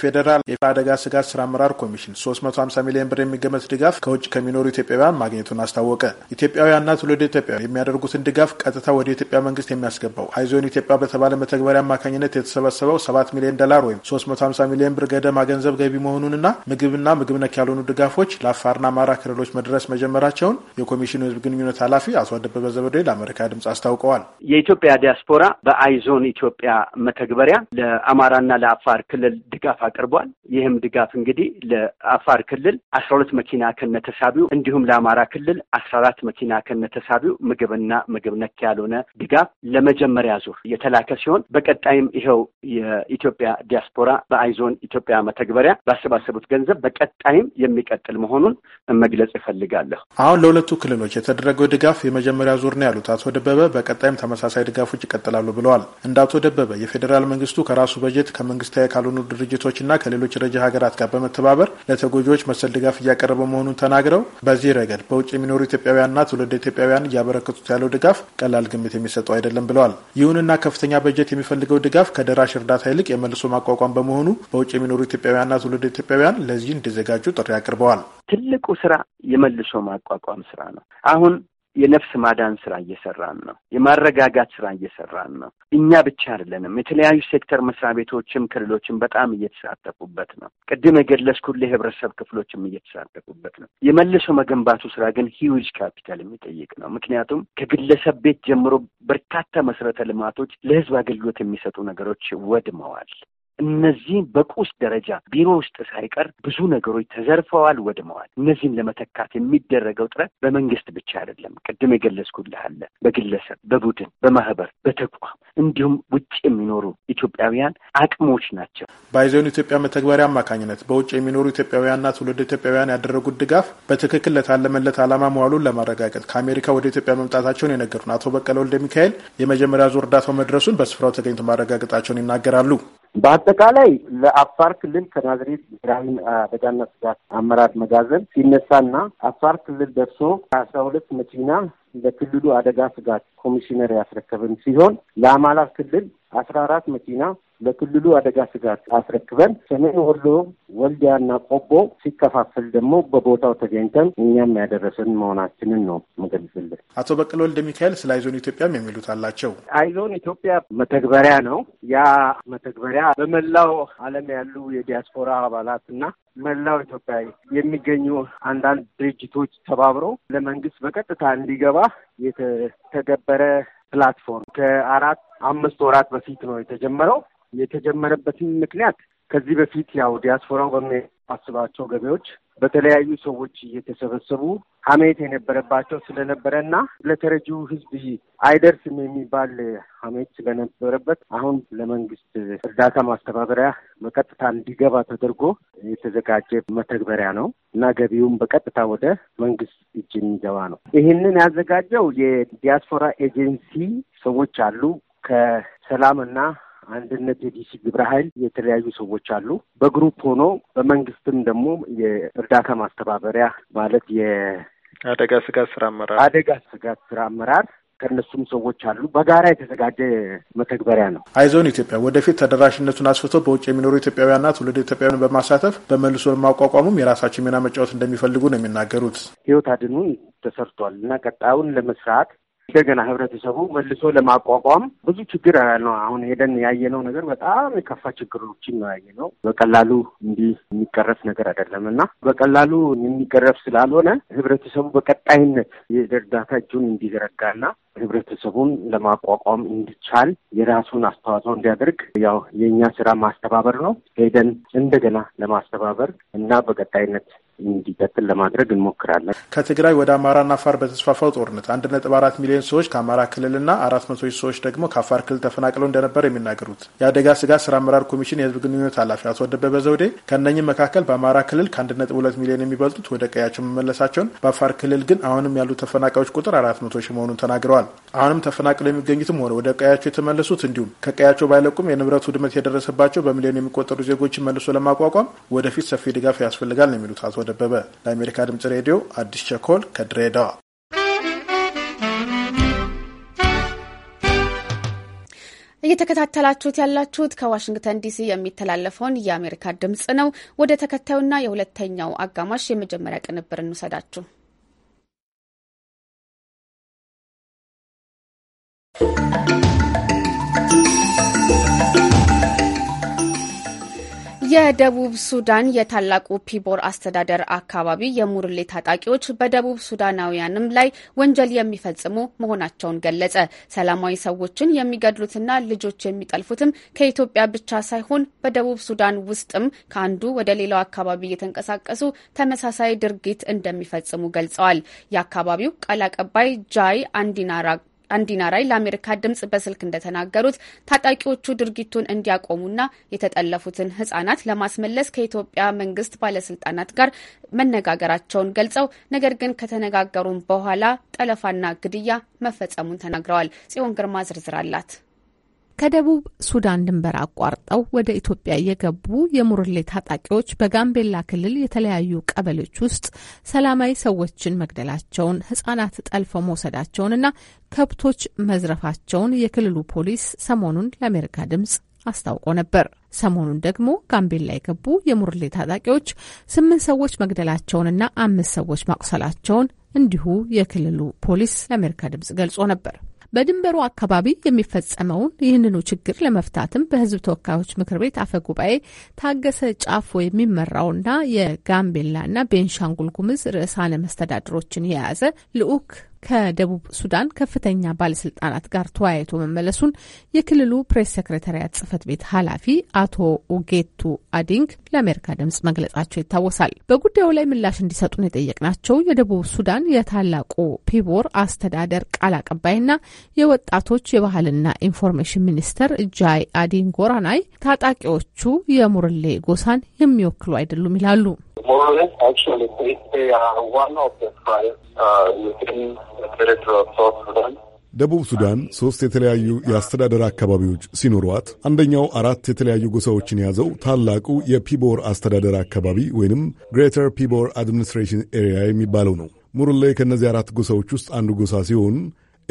Speaker 13: ፌዴራል የአደጋ ስጋት ስራ አመራር ኮሚሽን 350 ሚሊዮን ብር የሚገመት ድጋፍ ከውጭ ከሚኖሩ ኢትዮጵያውያን ማግኘቱን አስታወቀ። ኢትዮጵያውያንና ትውልድ ኢትዮጵያ የሚያደርጉትን ድጋፍ ቀጥታ ወደ ኢትዮጵያ መንግስት የሚያስገባው አይዞን ኢትዮጵያ በተባለ መተግበሪያ አማካኝነት የተሰበሰበው 7 ሚሊዮን ዶላር ወይም 350 ሚሊዮን ብር ገደማ ገንዘብ ገቢ መሆኑንና ምግብና ምግብ ነክ ያልሆኑ ድጋፎች ለአፋርና አማራ ክልሎች መድረስ መጀመራቸውን የኮሚሽኑ ህዝብ ግንኙነት ኃላፊ አቶ አደበበ ዘበዴ ለአሜሪካ ድምጽ አስታውቀዋል።
Speaker 14: የኢትዮጵያ ዲያስፖራ በአይዞን ኢትዮጵያ መተግበሪያ ለአማራና ለአፋር ክልል ድጋፍ አቅርቧል። ይህም ድጋፍ እንግዲህ ለአፋር ክልል አስራ ሁለት መኪና ከነተሳቢው እንዲሁም ለአማራ ክልል አስራ አራት መኪና ከነተሳቢው ምግብና ምግብ ነክ ያልሆነ ድጋፍ ለመጀመሪያ ዙር የተላከ ሲሆን በቀጣይም ይኸው የኢትዮጵያ ዲያስፖራ በአይዞን ኢትዮጵያ መተግበሪያ ባሰባሰቡት ገንዘብ በቀጣይም የሚቀጥል መሆኑን መግለጽ ይፈልጋለሁ።
Speaker 13: አሁን ለሁለቱ ክልሎች የተደረገው ድጋፍ የመጀመሪያ ዙር ነው ያሉት አቶ ደበበ በቀጣይም ተመሳሳይ ድጋፎች ይቀጥላሉ ብለዋል። እንደ አቶ ደበበ የፌዴራል መንግስቱ ከራሱ በጀት ከመንግስታዊ ካልሆኑ ድርጅቶች ና ከሌሎች ረጃ ሀገራት ጋር በመተባበር ለተጎጂዎች መሰል ድጋፍ እያቀረበ መሆኑን ተናግረው በዚህ ረገድ በውጭ የሚኖሩ ኢትዮጵያውያንና ትውልድ ኢትዮጵያውያን እያበረከቱት ያለው ድጋፍ ቀላል ግምት የሚሰጠው አይደለም ብለዋል። ይሁንና ከፍተኛ በጀት የሚፈልገው ድጋፍ ከደራሽ እርዳታ ይልቅ የመልሶ ማቋቋም በመሆኑ በውጭ የሚኖሩ ኢትዮጵያውያንና ትውልድ ኢትዮጵያውያን ለዚህ እንዲዘጋጁ ጥሪ አቅርበዋል። ትልቁ ስራ የመልሶ ማቋቋም ስራ ነው። አሁን የነፍስ ማዳን ስራ እየሰራን ነው።
Speaker 15: የማረጋጋት
Speaker 14: ስራ እየሰራን ነው። እኛ ብቻ አይደለንም። የተለያዩ ሴክተር መስሪያ ቤቶችም ክልሎችም በጣም እየተሳተፉበት ነው። ቅድም የገለጽኩልህ የህብረተሰብ ክፍሎችም እየተሳተፉበት ነው። የመልሶ መገንባቱ ስራ ግን ሂውጅ ካፒታል የሚጠይቅ ነው። ምክንያቱም ከግለሰብ ቤት ጀምሮ በርካታ መሰረተ ልማቶች ለህዝብ አገልግሎት የሚሰጡ ነገሮች ወድመዋል። እነዚህም በቁስ ደረጃ ቢሮ ውስጥ ሳይቀር ብዙ ነገሮች ተዘርፈዋል፣ ወድመዋል። እነዚህን ለመተካት የሚደረገው ጥረት በመንግስት ብቻ አይደለም። ቅድም የገለጽኩልሃለ በግለሰብ
Speaker 13: በቡድን በማህበር በተቋም እንዲሁም ውጭ የሚኖሩ ኢትዮጵያውያን አቅሞች ናቸው። ባይዞን ኢትዮጵያ መተግበሪያ አማካኝነት በውጭ የሚኖሩ ኢትዮጵያውያንና ትውልድ ኢትዮጵያውያን ያደረጉት ድጋፍ በትክክል ለታለመለት ዓላማ መዋሉን ለማረጋገጥ ከአሜሪካ ወደ ኢትዮጵያ መምጣታቸውን የነገሩን አቶ በቀለ ወልደ ሚካኤል የመጀመሪያ ዙር እርዳታው መድረሱን በስፍራው ተገኝቶ ማረጋገጣቸውን ይናገራሉ። በአጠቃላይ ለአፋር ክልል ከናዝሬት ብሔራዊ አደጋና ስጋት አመራር መጋዘን ሲነሳና
Speaker 15: አፋር ክልል ደርሶ አስራ ሁለት መኪና ለክልሉ አደጋ ስጋት ኮሚሽነር ያስረከብን ሲሆን ለአማራ ክልል አስራ አራት መኪና ለክልሉ አደጋ ስጋት አስረክበን ሰሜን ወሎ ወልዲያና ቆቦ ሲከፋፈል ደግሞ በቦታው ተገኝተን እኛም ያደረሰን መሆናችንን ነው መገልጽልን።
Speaker 13: አቶ በቀለ ወልደ ሚካኤል ስለ አይዞን ኢትዮጵያም የሚሉት አላቸው። አይዞን ኢትዮጵያ መተግበሪያ ነው። ያ መተግበሪያ በመላው
Speaker 15: ዓለም ያሉ የዲያስፖራ አባላት እና መላው ኢትዮጵያ የሚገኙ አንዳንድ ድርጅቶች ተባብረው ለመንግስት በቀጥታ እንዲገባ የተተገበረ ፕላትፎርም ከአራት አምስት ወራት በፊት ነው የተጀመረው። የተጀመረበትን ምክንያት ከዚህ በፊት ያው ዲያስፖራው በሚሄድ አስባቸው ገቢዎች በተለያዩ ሰዎች እየተሰበሰቡ ሀሜት የነበረባቸው ስለነበረና ለተረጂው ሕዝብ አይደርስም የሚባል ሀሜት ስለነበረበት አሁን ለመንግስት እርዳታ ማስተባበሪያ በቀጥታ እንዲገባ ተደርጎ የተዘጋጀ መተግበሪያ ነው እና ገቢውም በቀጥታ ወደ መንግስት እጅ የሚገባ ነው። ይህንን ያዘጋጀው የዲያስፖራ ኤጀንሲ ሰዎች አሉ ከሰላምና አንድነት የዲሲ ግብረ ኃይል የተለያዩ ሰዎች አሉ። በግሩፕ ሆኖ በመንግስትም ደግሞ የእርዳታ ማስተባበሪያ
Speaker 13: ማለት የአደጋ
Speaker 15: ስጋት ስራ አመራር አደጋ ስጋት ስራ አመራር ከእነሱም ሰዎች አሉ። በጋራ የተዘጋጀ መተግበሪያ ነው።
Speaker 13: አይዞን ኢትዮጵያ ወደፊት ተደራሽነቱን አስፍቶ በውጭ የሚኖሩ ኢትዮጵያውያንና ትውልድ ኢትዮጵያውያን በማሳተፍ በመልሶ ማቋቋሙም የራሳቸው ሚና መጫወት እንደሚፈልጉ ነው የሚናገሩት። ህይወት አድኑን ተሰርቷል እና ቀጣዩን ለመስራት እንደገና ህብረተሰቡ
Speaker 15: መልሶ ለማቋቋም ብዙ ችግር ነው። አሁን ሄደን ያየነው ነገር በጣም የከፋ ችግሮችን ነው ያየነው። በቀላሉ እንዲህ የሚቀረፍ ነገር አይደለም እና በቀላሉ የሚቀረፍ ስላልሆነ ህብረተሰቡ በቀጣይነት የእርዳታ እጁን እንዲዘረጋና ህብረተሰቡን ለማቋቋም እንዲቻል የራሱን አስተዋጽኦ እንዲያደርግ ያው የእኛ ስራ ማስተባበር ነው። ሄደን እንደገና ለማስተባበር እና በቀጣይነት እንዲቀጥል ለማድረግ
Speaker 13: እንሞክራለን። ከትግራይ ወደ አማራና አፋር በተስፋፋው ጦርነት አንድ ነጥብ አራት ሚሊዮን ሰዎች ከአማራ ክልልና አራት መቶ ሺህ ሰዎች ደግሞ ከአፋር ክልል ተፈናቅለው እንደነበር የሚናገሩት የአደጋ ስጋት ስራ አመራር ኮሚሽን የህዝብ ግንኙነት ኃላፊ አቶ ደበበ ዘውዴ ከእነኝም መካከል በአማራ ክልል ከአንድ ነጥብ ሁለት ሚሊዮን የሚበልጡት ወደ ቀያቸው መመለሳቸውን፣ በአፋር ክልል ግን አሁንም ያሉ ተፈናቃዮች ቁጥር አራት መቶ ሺህ መሆኑን ተናግረዋል። ገልጸዋል። አሁንም ተፈናቅለው የሚገኙትም ሆነ ወደ ቀያቸው የተመለሱት እንዲሁም ከቀያቸው ባይለቁም የንብረት ውድመት የደረሰባቸው በሚሊዮን የሚቆጠሩ ዜጎችን መልሶ ለማቋቋም ወደፊት ሰፊ ድጋፍ ያስፈልጋል ነው የሚሉት አቶ ደበበ። ለአሜሪካ ድምጽ ሬዲዮ አዲስ ቸኮል ከድሬዳዋ።
Speaker 1: እየተከታተላችሁት ያላችሁት ከዋሽንግተን ዲሲ የሚተላለፈውን የአሜሪካ ድምጽ ነው። ወደ ተከታዩና የሁለተኛው አጋማሽ የመጀመሪያ ቅንብር እንውሰዳችሁ። የደቡብ ሱዳን የታላቁ ፒቦር አስተዳደር አካባቢ የሙርሌ ታጣቂዎች በደቡብ ሱዳናውያንም ላይ ወንጀል የሚፈጽሙ መሆናቸውን ገለጸ። ሰላማዊ ሰዎችን የሚገድሉትና ልጆች የሚጠልፉትም ከኢትዮጵያ ብቻ ሳይሆን በደቡብ ሱዳን ውስጥም ከአንዱ ወደ ሌላው አካባቢ እየተንቀሳቀሱ ተመሳሳይ ድርጊት እንደሚፈጽሙ ገልጸዋል። የአካባቢው ቃል አቀባይ ጃይ አንዲናራ አንዲናራይ ለአሜሪካ ድምጽ በስልክ እንደተናገሩት ታጣቂዎቹ ድርጊቱን እንዲያቆሙና የተጠለፉትን ህጻናት ለማስመለስ ከኢትዮጵያ መንግስት ባለስልጣናት ጋር መነጋገራቸውን ገልጸው ነገር ግን ከተነጋገሩም በኋላ ጠለፋና ግድያ መፈጸሙን ተናግረዋል። ጽዮን ግርማ ዝርዝር አላት።
Speaker 10: ከደቡብ ሱዳን ድንበር አቋርጠው ወደ ኢትዮጵያ የገቡ የሙርሌ ታጣቂዎች በጋምቤላ ክልል የተለያዩ ቀበሌዎች ውስጥ ሰላማዊ ሰዎችን መግደላቸውን፣ ሕጻናት ጠልፈው መውሰዳቸውንና ከብቶች መዝረፋቸውን የክልሉ ፖሊስ ሰሞኑን ለአሜሪካ ድምጽ አስታውቆ ነበር። ሰሞኑን ደግሞ ጋምቤላ የገቡ የሙርሌ ታጣቂዎች ስምንት ሰዎች መግደላቸውንና አምስት ሰዎች ማቁሰላቸውን እንዲሁ የክልሉ ፖሊስ ለአሜሪካ ድምጽ ገልጾ ነበር። በድንበሩ አካባቢ የሚፈጸመውን ይህንኑ ችግር ለመፍታትም በህዝብ ተወካዮች ምክር ቤት አፈ ጉባኤ ታገሰ ጫፎ የሚመራውና የጋምቤላና ቤንሻንጉል ጉምዝ ርዕሳነ መስተዳድሮችን የያዘ ልዑክ ከደቡብ ሱዳን ከፍተኛ ባለስልጣናት ጋር ተወያይቶ መመለሱን የክልሉ ፕሬስ ሴክሬታሪያት ጽህፈት ቤት ኃላፊ አቶ ኡጌቱ አዲንግ ለአሜሪካ ድምጽ መግለጻቸው ይታወሳል። በጉዳዩ ላይ ምላሽ እንዲሰጡን የጠየቅናቸው የደቡብ ሱዳን የታላቁ ፒቦር አስተዳደር ቃል አቀባይና የወጣቶች የባህልና ኢንፎርሜሽን ሚኒስተር ጃይ አዲንጎራናይ ጎራናይ ታጣቂዎቹ የሙርሌ ጎሳን የሚወክሉ አይደሉም ይላሉ።
Speaker 12: More or less, actually, they are one of the tribes uh, within the territory of South Sudan.
Speaker 5: ደቡብ ሱዳን ሦስት የተለያዩ የአስተዳደር አካባቢዎች ሲኖሯት አንደኛው አራት የተለያዩ ጎሳዎችን የያዘው ታላቁ የፒቦር አስተዳደር አካባቢ ወይንም ግሬተር ፒቦር አድሚኒስትሬሽን ኤሪያ የሚባለው ነው። ሙርሌ ከእነዚህ አራት ጎሳዎች ውስጥ አንዱ ጎሳ ሲሆን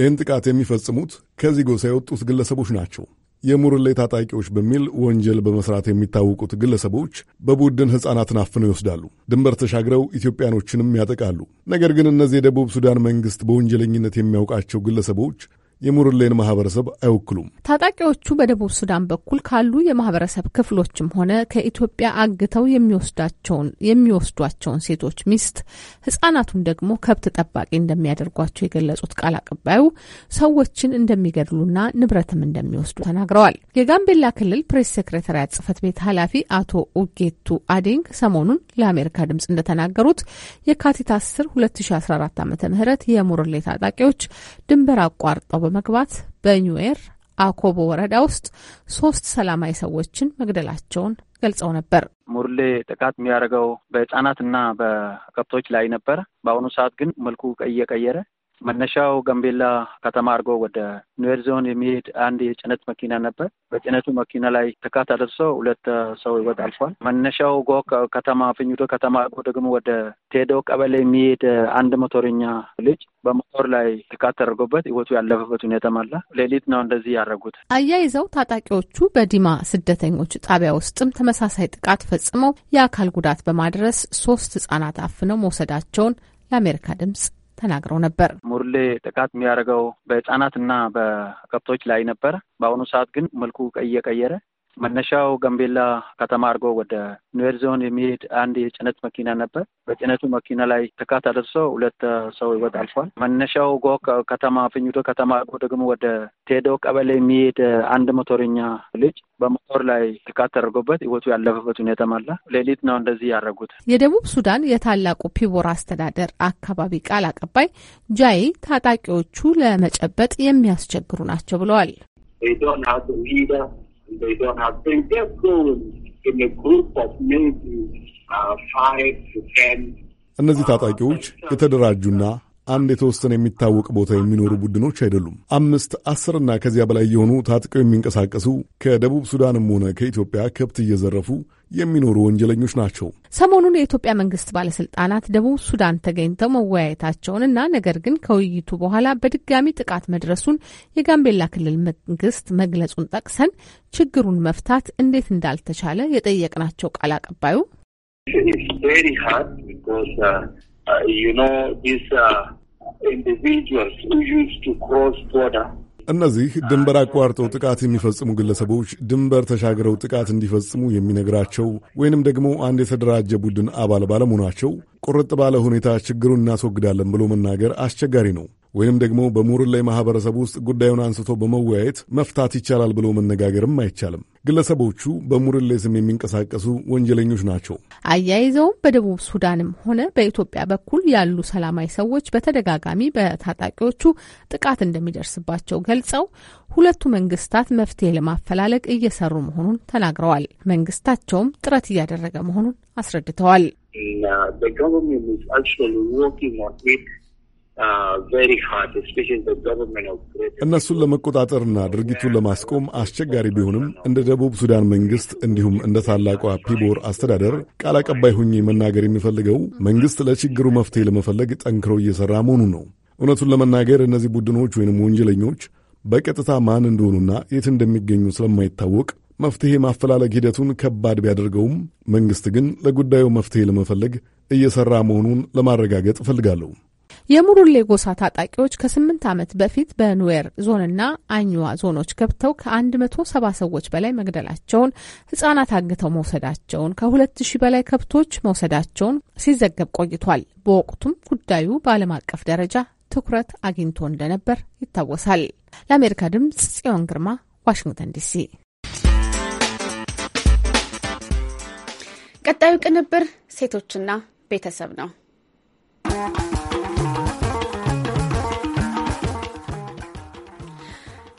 Speaker 5: ይህን ጥቃት የሚፈጽሙት ከዚህ ጎሳ የወጡት ግለሰቦች ናቸው። የሙርሌ ታጣቂዎች በሚል ወንጀል በመስራት የሚታወቁት ግለሰቦች በቡድን ሕፃናትን አፍነው ይወስዳሉ፣ ድንበር ተሻግረው ኢትዮጵያኖችንም ያጠቃሉ። ነገር ግን እነዚህ የደቡብ ሱዳን መንግሥት በወንጀለኝነት የሚያውቃቸው ግለሰቦች የሙርሌን ማህበረሰብ አይወክሉም።
Speaker 10: ታጣቂዎቹ በደቡብ ሱዳን በኩል ካሉ የማህበረሰብ ክፍሎችም ሆነ ከኢትዮጵያ አግተው የሚወስዳቸውን የሚወስዷቸውን ሴቶች ሚስት፣ ህጻናቱን ደግሞ ከብት ጠባቂ እንደሚያደርጓቸው የገለጹት ቃል አቀባዩ ሰዎችን እንደሚገድሉና ንብረትም እንደሚወስዱ ተናግረዋል። የጋምቤላ ክልል ፕሬስ ሴክሬታሪያት ጽህፈት ቤት ኃላፊ አቶ ኡጌቱ አዲንግ ሰሞኑን ለአሜሪካ ድምጽ እንደተናገሩት የካቲት 10 2014 ዓ ም የሙርሌ ታጣቂዎች ድንበር አቋርጠው በመግባት በኒውዌር አኮቦ ወረዳ ውስጥ ሶስት ሰላማዊ ሰዎችን መግደላቸውን ገልጸው ነበር።
Speaker 16: ሙርሌ ጥቃት የሚያደርገው እና በከብቶች ላይ ነበረ። በአሁኑ ሰዓት ግን መልኩ እየቀየረ መነሻው ጋምቤላ ከተማ አድርጎ ወደ ኑዌር ዞን የሚሄድ አንድ የጭነት መኪና ነበር። በጭነቱ መኪና ላይ ጥቃት አደርሰው ሁለት ሰው ህይወት አልፏል። መነሻው ጎ ከተማ ፍኝዶ ከተማ አድርጎ ደግሞ ወደ ቴዶ ቀበሌ የሚሄድ አንድ ሞቶርኛ ልጅ በሞቶር ላይ ጥቃት ተደርጎበት ህይወቱ ያለፈበት ሁኔታም አለ። ሌሊት ነው እንደዚህ ያደረጉት።
Speaker 10: አያይዘው ታጣቂዎቹ በዲማ ስደተኞች ጣቢያ ውስጥም ተመሳሳይ ጥቃት ፈጽመው የአካል ጉዳት በማድረስ ሶስት ህጻናት አፍነው መውሰዳቸውን ለአሜሪካ ድምጽ ተናግረው ነበር።
Speaker 16: ሙርሌ ጥቃት የሚያደርገው በህጻናት እና በከብቶች ላይ ነበረ። በአሁኑ ሰዓት ግን መልኩ እየቀየረ መነሻው ጋምቤላ ከተማ አድርጎ ወደ ኑዌር ዞን የሚሄድ አንድ የጭነት መኪና ነበር። በጭነቱ መኪና ላይ ጥቃት አደርሶ ሁለት ሰው ህይወት አልፏል። መነሻው ጎ ከተማ ፍኝዶ ከተማ አድርጎ ደግሞ ወደ ቴዶ ቀበሌ የሚሄድ አንድ ሞቶረኛ ልጅ በሞቶር ላይ ጥቃት ተደርጎበት ህይወቱ ያለፈበት ሁኔታም አለ። ሌሊት ነው እንደዚህ ያደረጉት።
Speaker 10: የደቡብ ሱዳን የታላቁ ፒቦር አስተዳደር አካባቢ ቃል አቀባይ ጃይ ታጣቂዎቹ ለመጨበጥ የሚያስቸግሩ ናቸው ብለዋል።
Speaker 11: they don't have, they just go in a group of maybe uh, five to ten
Speaker 5: እነዚህ ታጣቂዎች የተደራጁና አንድ የተወሰነ የሚታወቅ ቦታ የሚኖሩ ቡድኖች አይደሉም። አምስት አስርና ከዚያ በላይ የሆኑ ታጥቀው የሚንቀሳቀሱ ከደቡብ ሱዳንም ሆነ ከኢትዮጵያ ከብት እየዘረፉ የሚኖሩ ወንጀለኞች ናቸው።
Speaker 10: ሰሞኑን የኢትዮጵያ መንግስት ባለስልጣናት ደቡብ ሱዳን ተገኝተው መወያየታቸውን እና ነገር ግን ከውይይቱ በኋላ በድጋሚ ጥቃት መድረሱን የጋምቤላ ክልል መንግስት መግለጹን ጠቅሰን ችግሩን መፍታት እንዴት እንዳልተቻለ የጠየቅናቸው ቃል አቀባዩ
Speaker 11: Uh,
Speaker 12: uh,
Speaker 5: እነዚህ ድንበር አቋርጠው ጥቃት የሚፈጽሙ ግለሰቦች ድንበር ተሻግረው ጥቃት እንዲፈጽሙ የሚነግራቸው ወይንም ደግሞ አንድ የተደራጀ ቡድን አባል ባለመሆናቸው ቁርጥ ባለ ሁኔታ ችግሩን እናስወግዳለን ብሎ መናገር አስቸጋሪ ነው። ወይንም ደግሞ በሙርሌ ማህበረሰብ ውስጥ ጉዳዩን አንስቶ በመወያየት መፍታት ይቻላል ብሎ መነጋገርም አይቻልም። ግለሰቦቹ በሙርሌ ስም የሚንቀሳቀሱ ወንጀለኞች ናቸው።
Speaker 10: አያይዘውም በደቡብ ሱዳንም ሆነ በኢትዮጵያ በኩል ያሉ ሰላማዊ ሰዎች በተደጋጋሚ በታጣቂዎቹ ጥቃት እንደሚደርስባቸው ገልጸው ሁለቱ መንግስታት መፍትሄ ለማፈላለግ እየሰሩ መሆኑን ተናግረዋል። መንግስታቸውም ጥረት እያደረገ መሆኑን አስረድተዋል።
Speaker 11: Uh,
Speaker 5: እነሱን ለመቆጣጠርና ድርጊቱን ለማስቆም አስቸጋሪ ቢሆንም እንደ ደቡብ ሱዳን መንግስት እንዲሁም እንደ ታላቋ ፒቦር አስተዳደር ቃል አቀባይ ሆኜ መናገር የሚፈልገው መንግስት ለችግሩ መፍትሄ ለመፈለግ ጠንክሮ እየሰራ መሆኑን ነው። እውነቱን ለመናገር እነዚህ ቡድኖች ወይንም ወንጀለኞች በቀጥታ ማን እንደሆኑና የት እንደሚገኙ ስለማይታወቅ መፍትሄ ማፈላለግ ሂደቱን ከባድ ቢያደርገውም መንግስት ግን ለጉዳዩ መፍትሄ ለመፈለግ እየሰራ መሆኑን ለማረጋገጥ እፈልጋለሁ።
Speaker 10: የሙሩሌ ጎሳ ታጣቂዎች ከስምንት ዓመት በፊት በኑዌር ዞንና አኝዋ ዞኖች ገብተው ከአንድ መቶ ሰባ ሰዎች በላይ መግደላቸውን፣ ህጻናት አግተው መውሰዳቸውን፣ ከሁለት ሺህ በላይ ከብቶች መውሰዳቸውን ሲዘገብ ቆይቷል። በወቅቱም ጉዳዩ በዓለም አቀፍ ደረጃ ትኩረት አግኝቶ እንደነበር ይታወሳል። ለአሜሪካ ድምጽ ጽዮን ግርማ ዋሽንግተን ዲሲ።
Speaker 1: ቀጣዩ ቅንብር ሴቶችና ቤተሰብ ነው።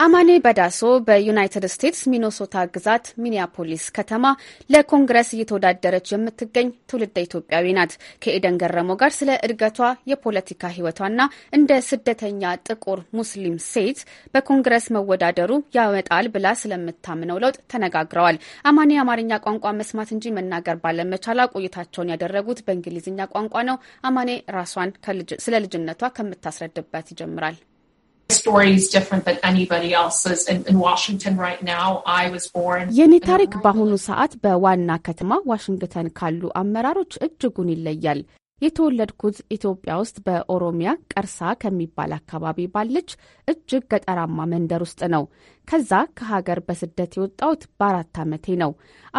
Speaker 1: አማኔ በዳሶ በዩናይትድ ስቴትስ ሚኒሶታ ግዛት ሚኒያፖሊስ ከተማ ለኮንግረስ እየተወዳደረች የምትገኝ ትውልደ ኢትዮጵያዊ ናት። ከኤደን ገረመው ጋር ስለ እድገቷ፣ የፖለቲካ ህይወቷና እንደ ስደተኛ ጥቁር ሙስሊም ሴት በኮንግረስ መወዳደሩ ያመጣል ብላ ስለምታምነው ለውጥ ተነጋግረዋል። አማኔ የአማርኛ ቋንቋ መስማት እንጂ መናገር ባለመቻላ ቆይታቸውን ያደረጉት በእንግሊዝኛ ቋንቋ ነው። አማኔ ራሷን ስለ ልጅነቷ ከምታስረድበት ይጀምራል።
Speaker 7: story is different than
Speaker 10: የኔ ታሪክ
Speaker 1: በአሁኑ ሰዓት በዋና ከተማ ዋሽንግተን ካሉ አመራሮች እጅጉን ይለያል። የተወለድኩት ኢትዮጵያ ውስጥ በኦሮሚያ ቀርሳ ከሚባል አካባቢ ባለች እጅግ ገጠራማ መንደር ውስጥ ነው። ከዛ ከሀገር በስደት የወጣሁት በአራት ዓመቴ ነው።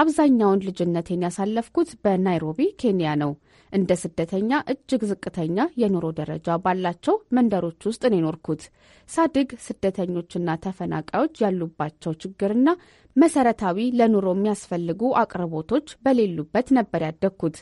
Speaker 1: አብዛኛውን ልጅነቴን ያሳለፍኩት በናይሮቢ ኬንያ ነው። እንደ ስደተኛ እጅግ ዝቅተኛ የኑሮ ደረጃ ባላቸው መንደሮች ውስጥ ነው የኖርኩት። ሳድግ ስደተኞችና ተፈናቃዮች ያሉባቸው ችግርና መሰረታዊ ለኑሮ የሚያስፈልጉ አቅርቦቶች በሌሉበት ነበር ያደግኩት።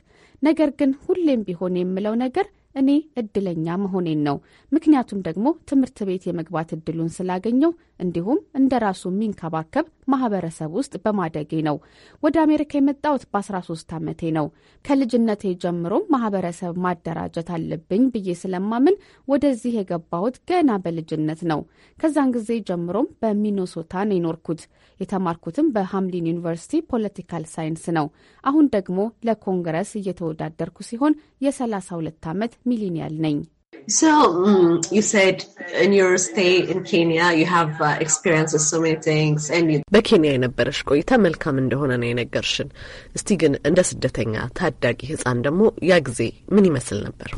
Speaker 1: ነገር ግን ሁሌም ቢሆን የምለው ነገር እኔ እድለኛ መሆኔን ነው። ምክንያቱም ደግሞ ትምህርት ቤት የመግባት እድሉን ስላገኘው እንዲሁም እንደ ራሱ የሚንከባከብ ማህበረሰብ ውስጥ በማደጌ ነው። ወደ አሜሪካ የመጣሁት በ13 ዓመቴ ነው። ከልጅነቴ ጀምሮም ማህበረሰብ ማደራጀት አለብኝ ብዬ ስለማምን ወደዚህ የገባሁት ገና በልጅነት ነው። ከዛን ጊዜ ጀምሮም በሚኖሶታ ነው የኖርኩት። የተማርኩትም በሃምሊን ዩኒቨርሲቲ ፖለቲካል ሳይንስ ነው። አሁን ደግሞ ለኮንግረስ እየተወዳደርኩ ሲሆን የ32 ዓመት ሚሊኒያል
Speaker 17: ነኝ። So um, you said in your stay in Kenya you have uh, experienced so many things and you... በኬንያ የነበረሽ ቆይታ መልካም እንደሆነ ነው የነገርሽን። እስቲ ግን እንደ ስደተኛ ታዳጊ ሕፃን ደግሞ ያ ጊዜ ምን ይመስል ነበር?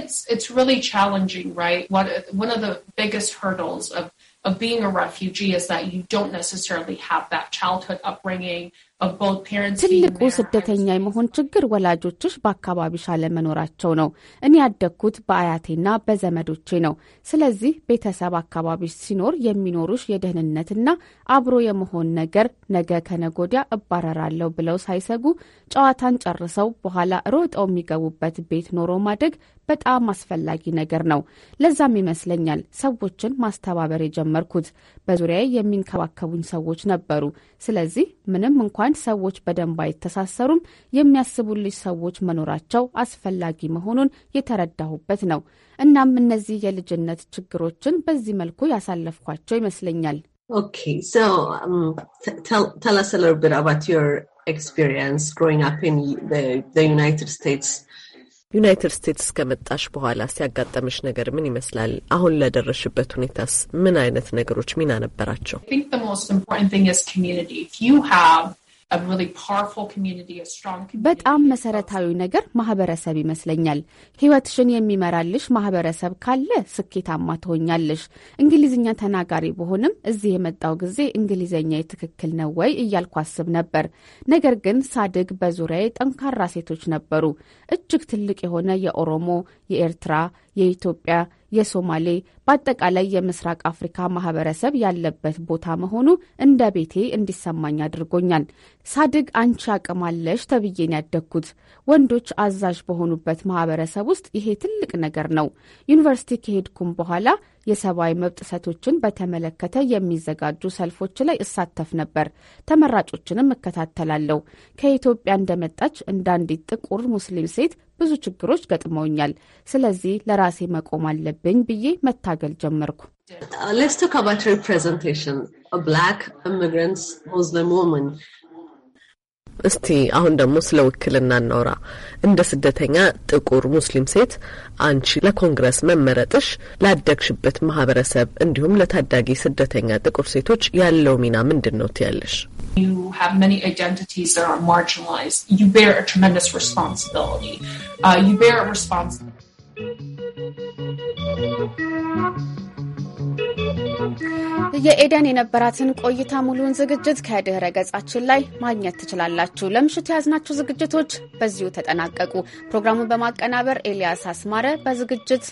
Speaker 12: It's
Speaker 10: it's really challenging, right? What one of the biggest hurdles of of being a refugee is that you don't necessarily have that childhood upbringing.
Speaker 1: ትልቁ ስደተኛ የመሆን ችግር ወላጆችሽ በአካባቢሽ አለመኖራቸው ነው። እኔ ያደግኩት በአያቴና በዘመዶቼ ነው። ስለዚህ ቤተሰብ አካባቢሽ ሲኖር የሚኖሩሽ የደህንነትና አብሮ የመሆን ነገር ነገ ከነጎዲያ እባረራለሁ ብለው ሳይሰጉ ጨዋታን ጨርሰው በኋላ ሮጠው የሚገቡበት ቤት ኖሮ ማደግ በጣም አስፈላጊ ነገር ነው። ለዛም ይመስለኛል ሰዎችን ማስተባበር የጀመርኩት። በዙሪያ የሚንከባከቡኝ ሰዎች ነበሩ። ስለዚህ ምንም እንኳን ሰዎች በደንብ አይተሳሰሩም፣ የሚያስቡልሽ ሰዎች መኖራቸው አስፈላጊ መሆኑን የተረዳሁበት ነው። እናም እነዚህ የልጅነት ችግሮችን በዚህ መልኩ ያሳለፍኳቸው ይመስለኛል።
Speaker 17: ኦኬ ሶ ቴል አስ ኤ ሊትል ቢት አባት ዩናይትድ ስቴትስ ዩናይትድ ስቴትስ ከመጣሽ በኋላ ሲያጋጠመሽ ነገር ምን ይመስላል? አሁን ለደረሽበት ሁኔታስ ምን አይነት ነገሮች ሚና ነበራቸው?
Speaker 1: በጣም መሰረታዊ ነገር ማህበረሰብ ይመስለኛል። ህይወትሽን የሚመራልሽ ማህበረሰብ ካለ ስኬታማ ትሆኛለሽ። እንግሊዝኛ ተናጋሪ ብሆንም እዚህ የመጣው ጊዜ እንግሊዝኛ የትክክል ነው ወይ እያልኩ አስብ ነበር። ነገር ግን ሳድግ በዙሪያ ጠንካራ ሴቶች ነበሩ። እጅግ ትልቅ የሆነ የኦሮሞ፣ የኤርትራ፣ የኢትዮጵያ የሶማሌ በአጠቃላይ የምስራቅ አፍሪካ ማህበረሰብ ያለበት ቦታ መሆኑ እንደ ቤቴ እንዲሰማኝ አድርጎኛል። ሳድግ አንቺ አቅማለሽ ተብዬን ያደግኩት ወንዶች አዛዥ በሆኑበት ማህበረሰብ ውስጥ ይሄ ትልቅ ነገር ነው። ዩኒቨርሲቲ ከሄድኩም በኋላ የሰብአዊ መብት ጥሰቶችን በተመለከተ የሚዘጋጁ ሰልፎች ላይ እሳተፍ ነበር። ተመራጮችንም እከታተላለሁ። ከኢትዮጵያ እንደመጣች እንዳንዲት ጥቁር ሙስሊም ሴት ብዙ ችግሮች ገጥመውኛል። ስለዚህ ለራሴ መቆም አለብኝ ብዬ መታገል ጀመርኩ።
Speaker 17: ሌትስ ቶክ አባውት ሪፕሬዘንቴሽን ብላክ ኢሚግራንትስ ሙስሊም ወመን እስቲ አሁን ደግሞ ስለ ውክልና እናውራ። እንደ ስደተኛ ጥቁር ሙስሊም ሴት አንቺ ለኮንግረስ መመረጥሽ ላደግሽበት ማህበረሰብ እንዲሁም ለታዳጊ ስደተኛ ጥቁር ሴቶች ያለው ሚና ምንድን ነው ትያለሽ?
Speaker 10: Uh, you bear a responsibility.
Speaker 1: የኤደን የነበራትን ቆይታ ሙሉውን ዝግጅት ከድህረ ገጻችን ላይ ማግኘት ትችላላችሁ። ለምሽቱ የያዝናችሁ ዝግጅቶች በዚሁ ተጠናቀቁ። ፕሮግራሙን በማቀናበር ኤልያስ አስማረ በዝግጅት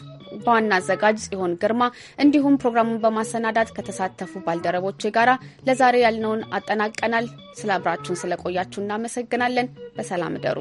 Speaker 1: በዋና አዘጋጅ ጽዮን ግርማ እንዲሁም ፕሮግራሙን በማሰናዳት ከተሳተፉ ባልደረቦች ጋራ ለዛሬ ያልነውን አጠናቀናል። ስለ አብራችሁን ስለቆያችሁ እናመሰግናለን። በሰላም እደሩ።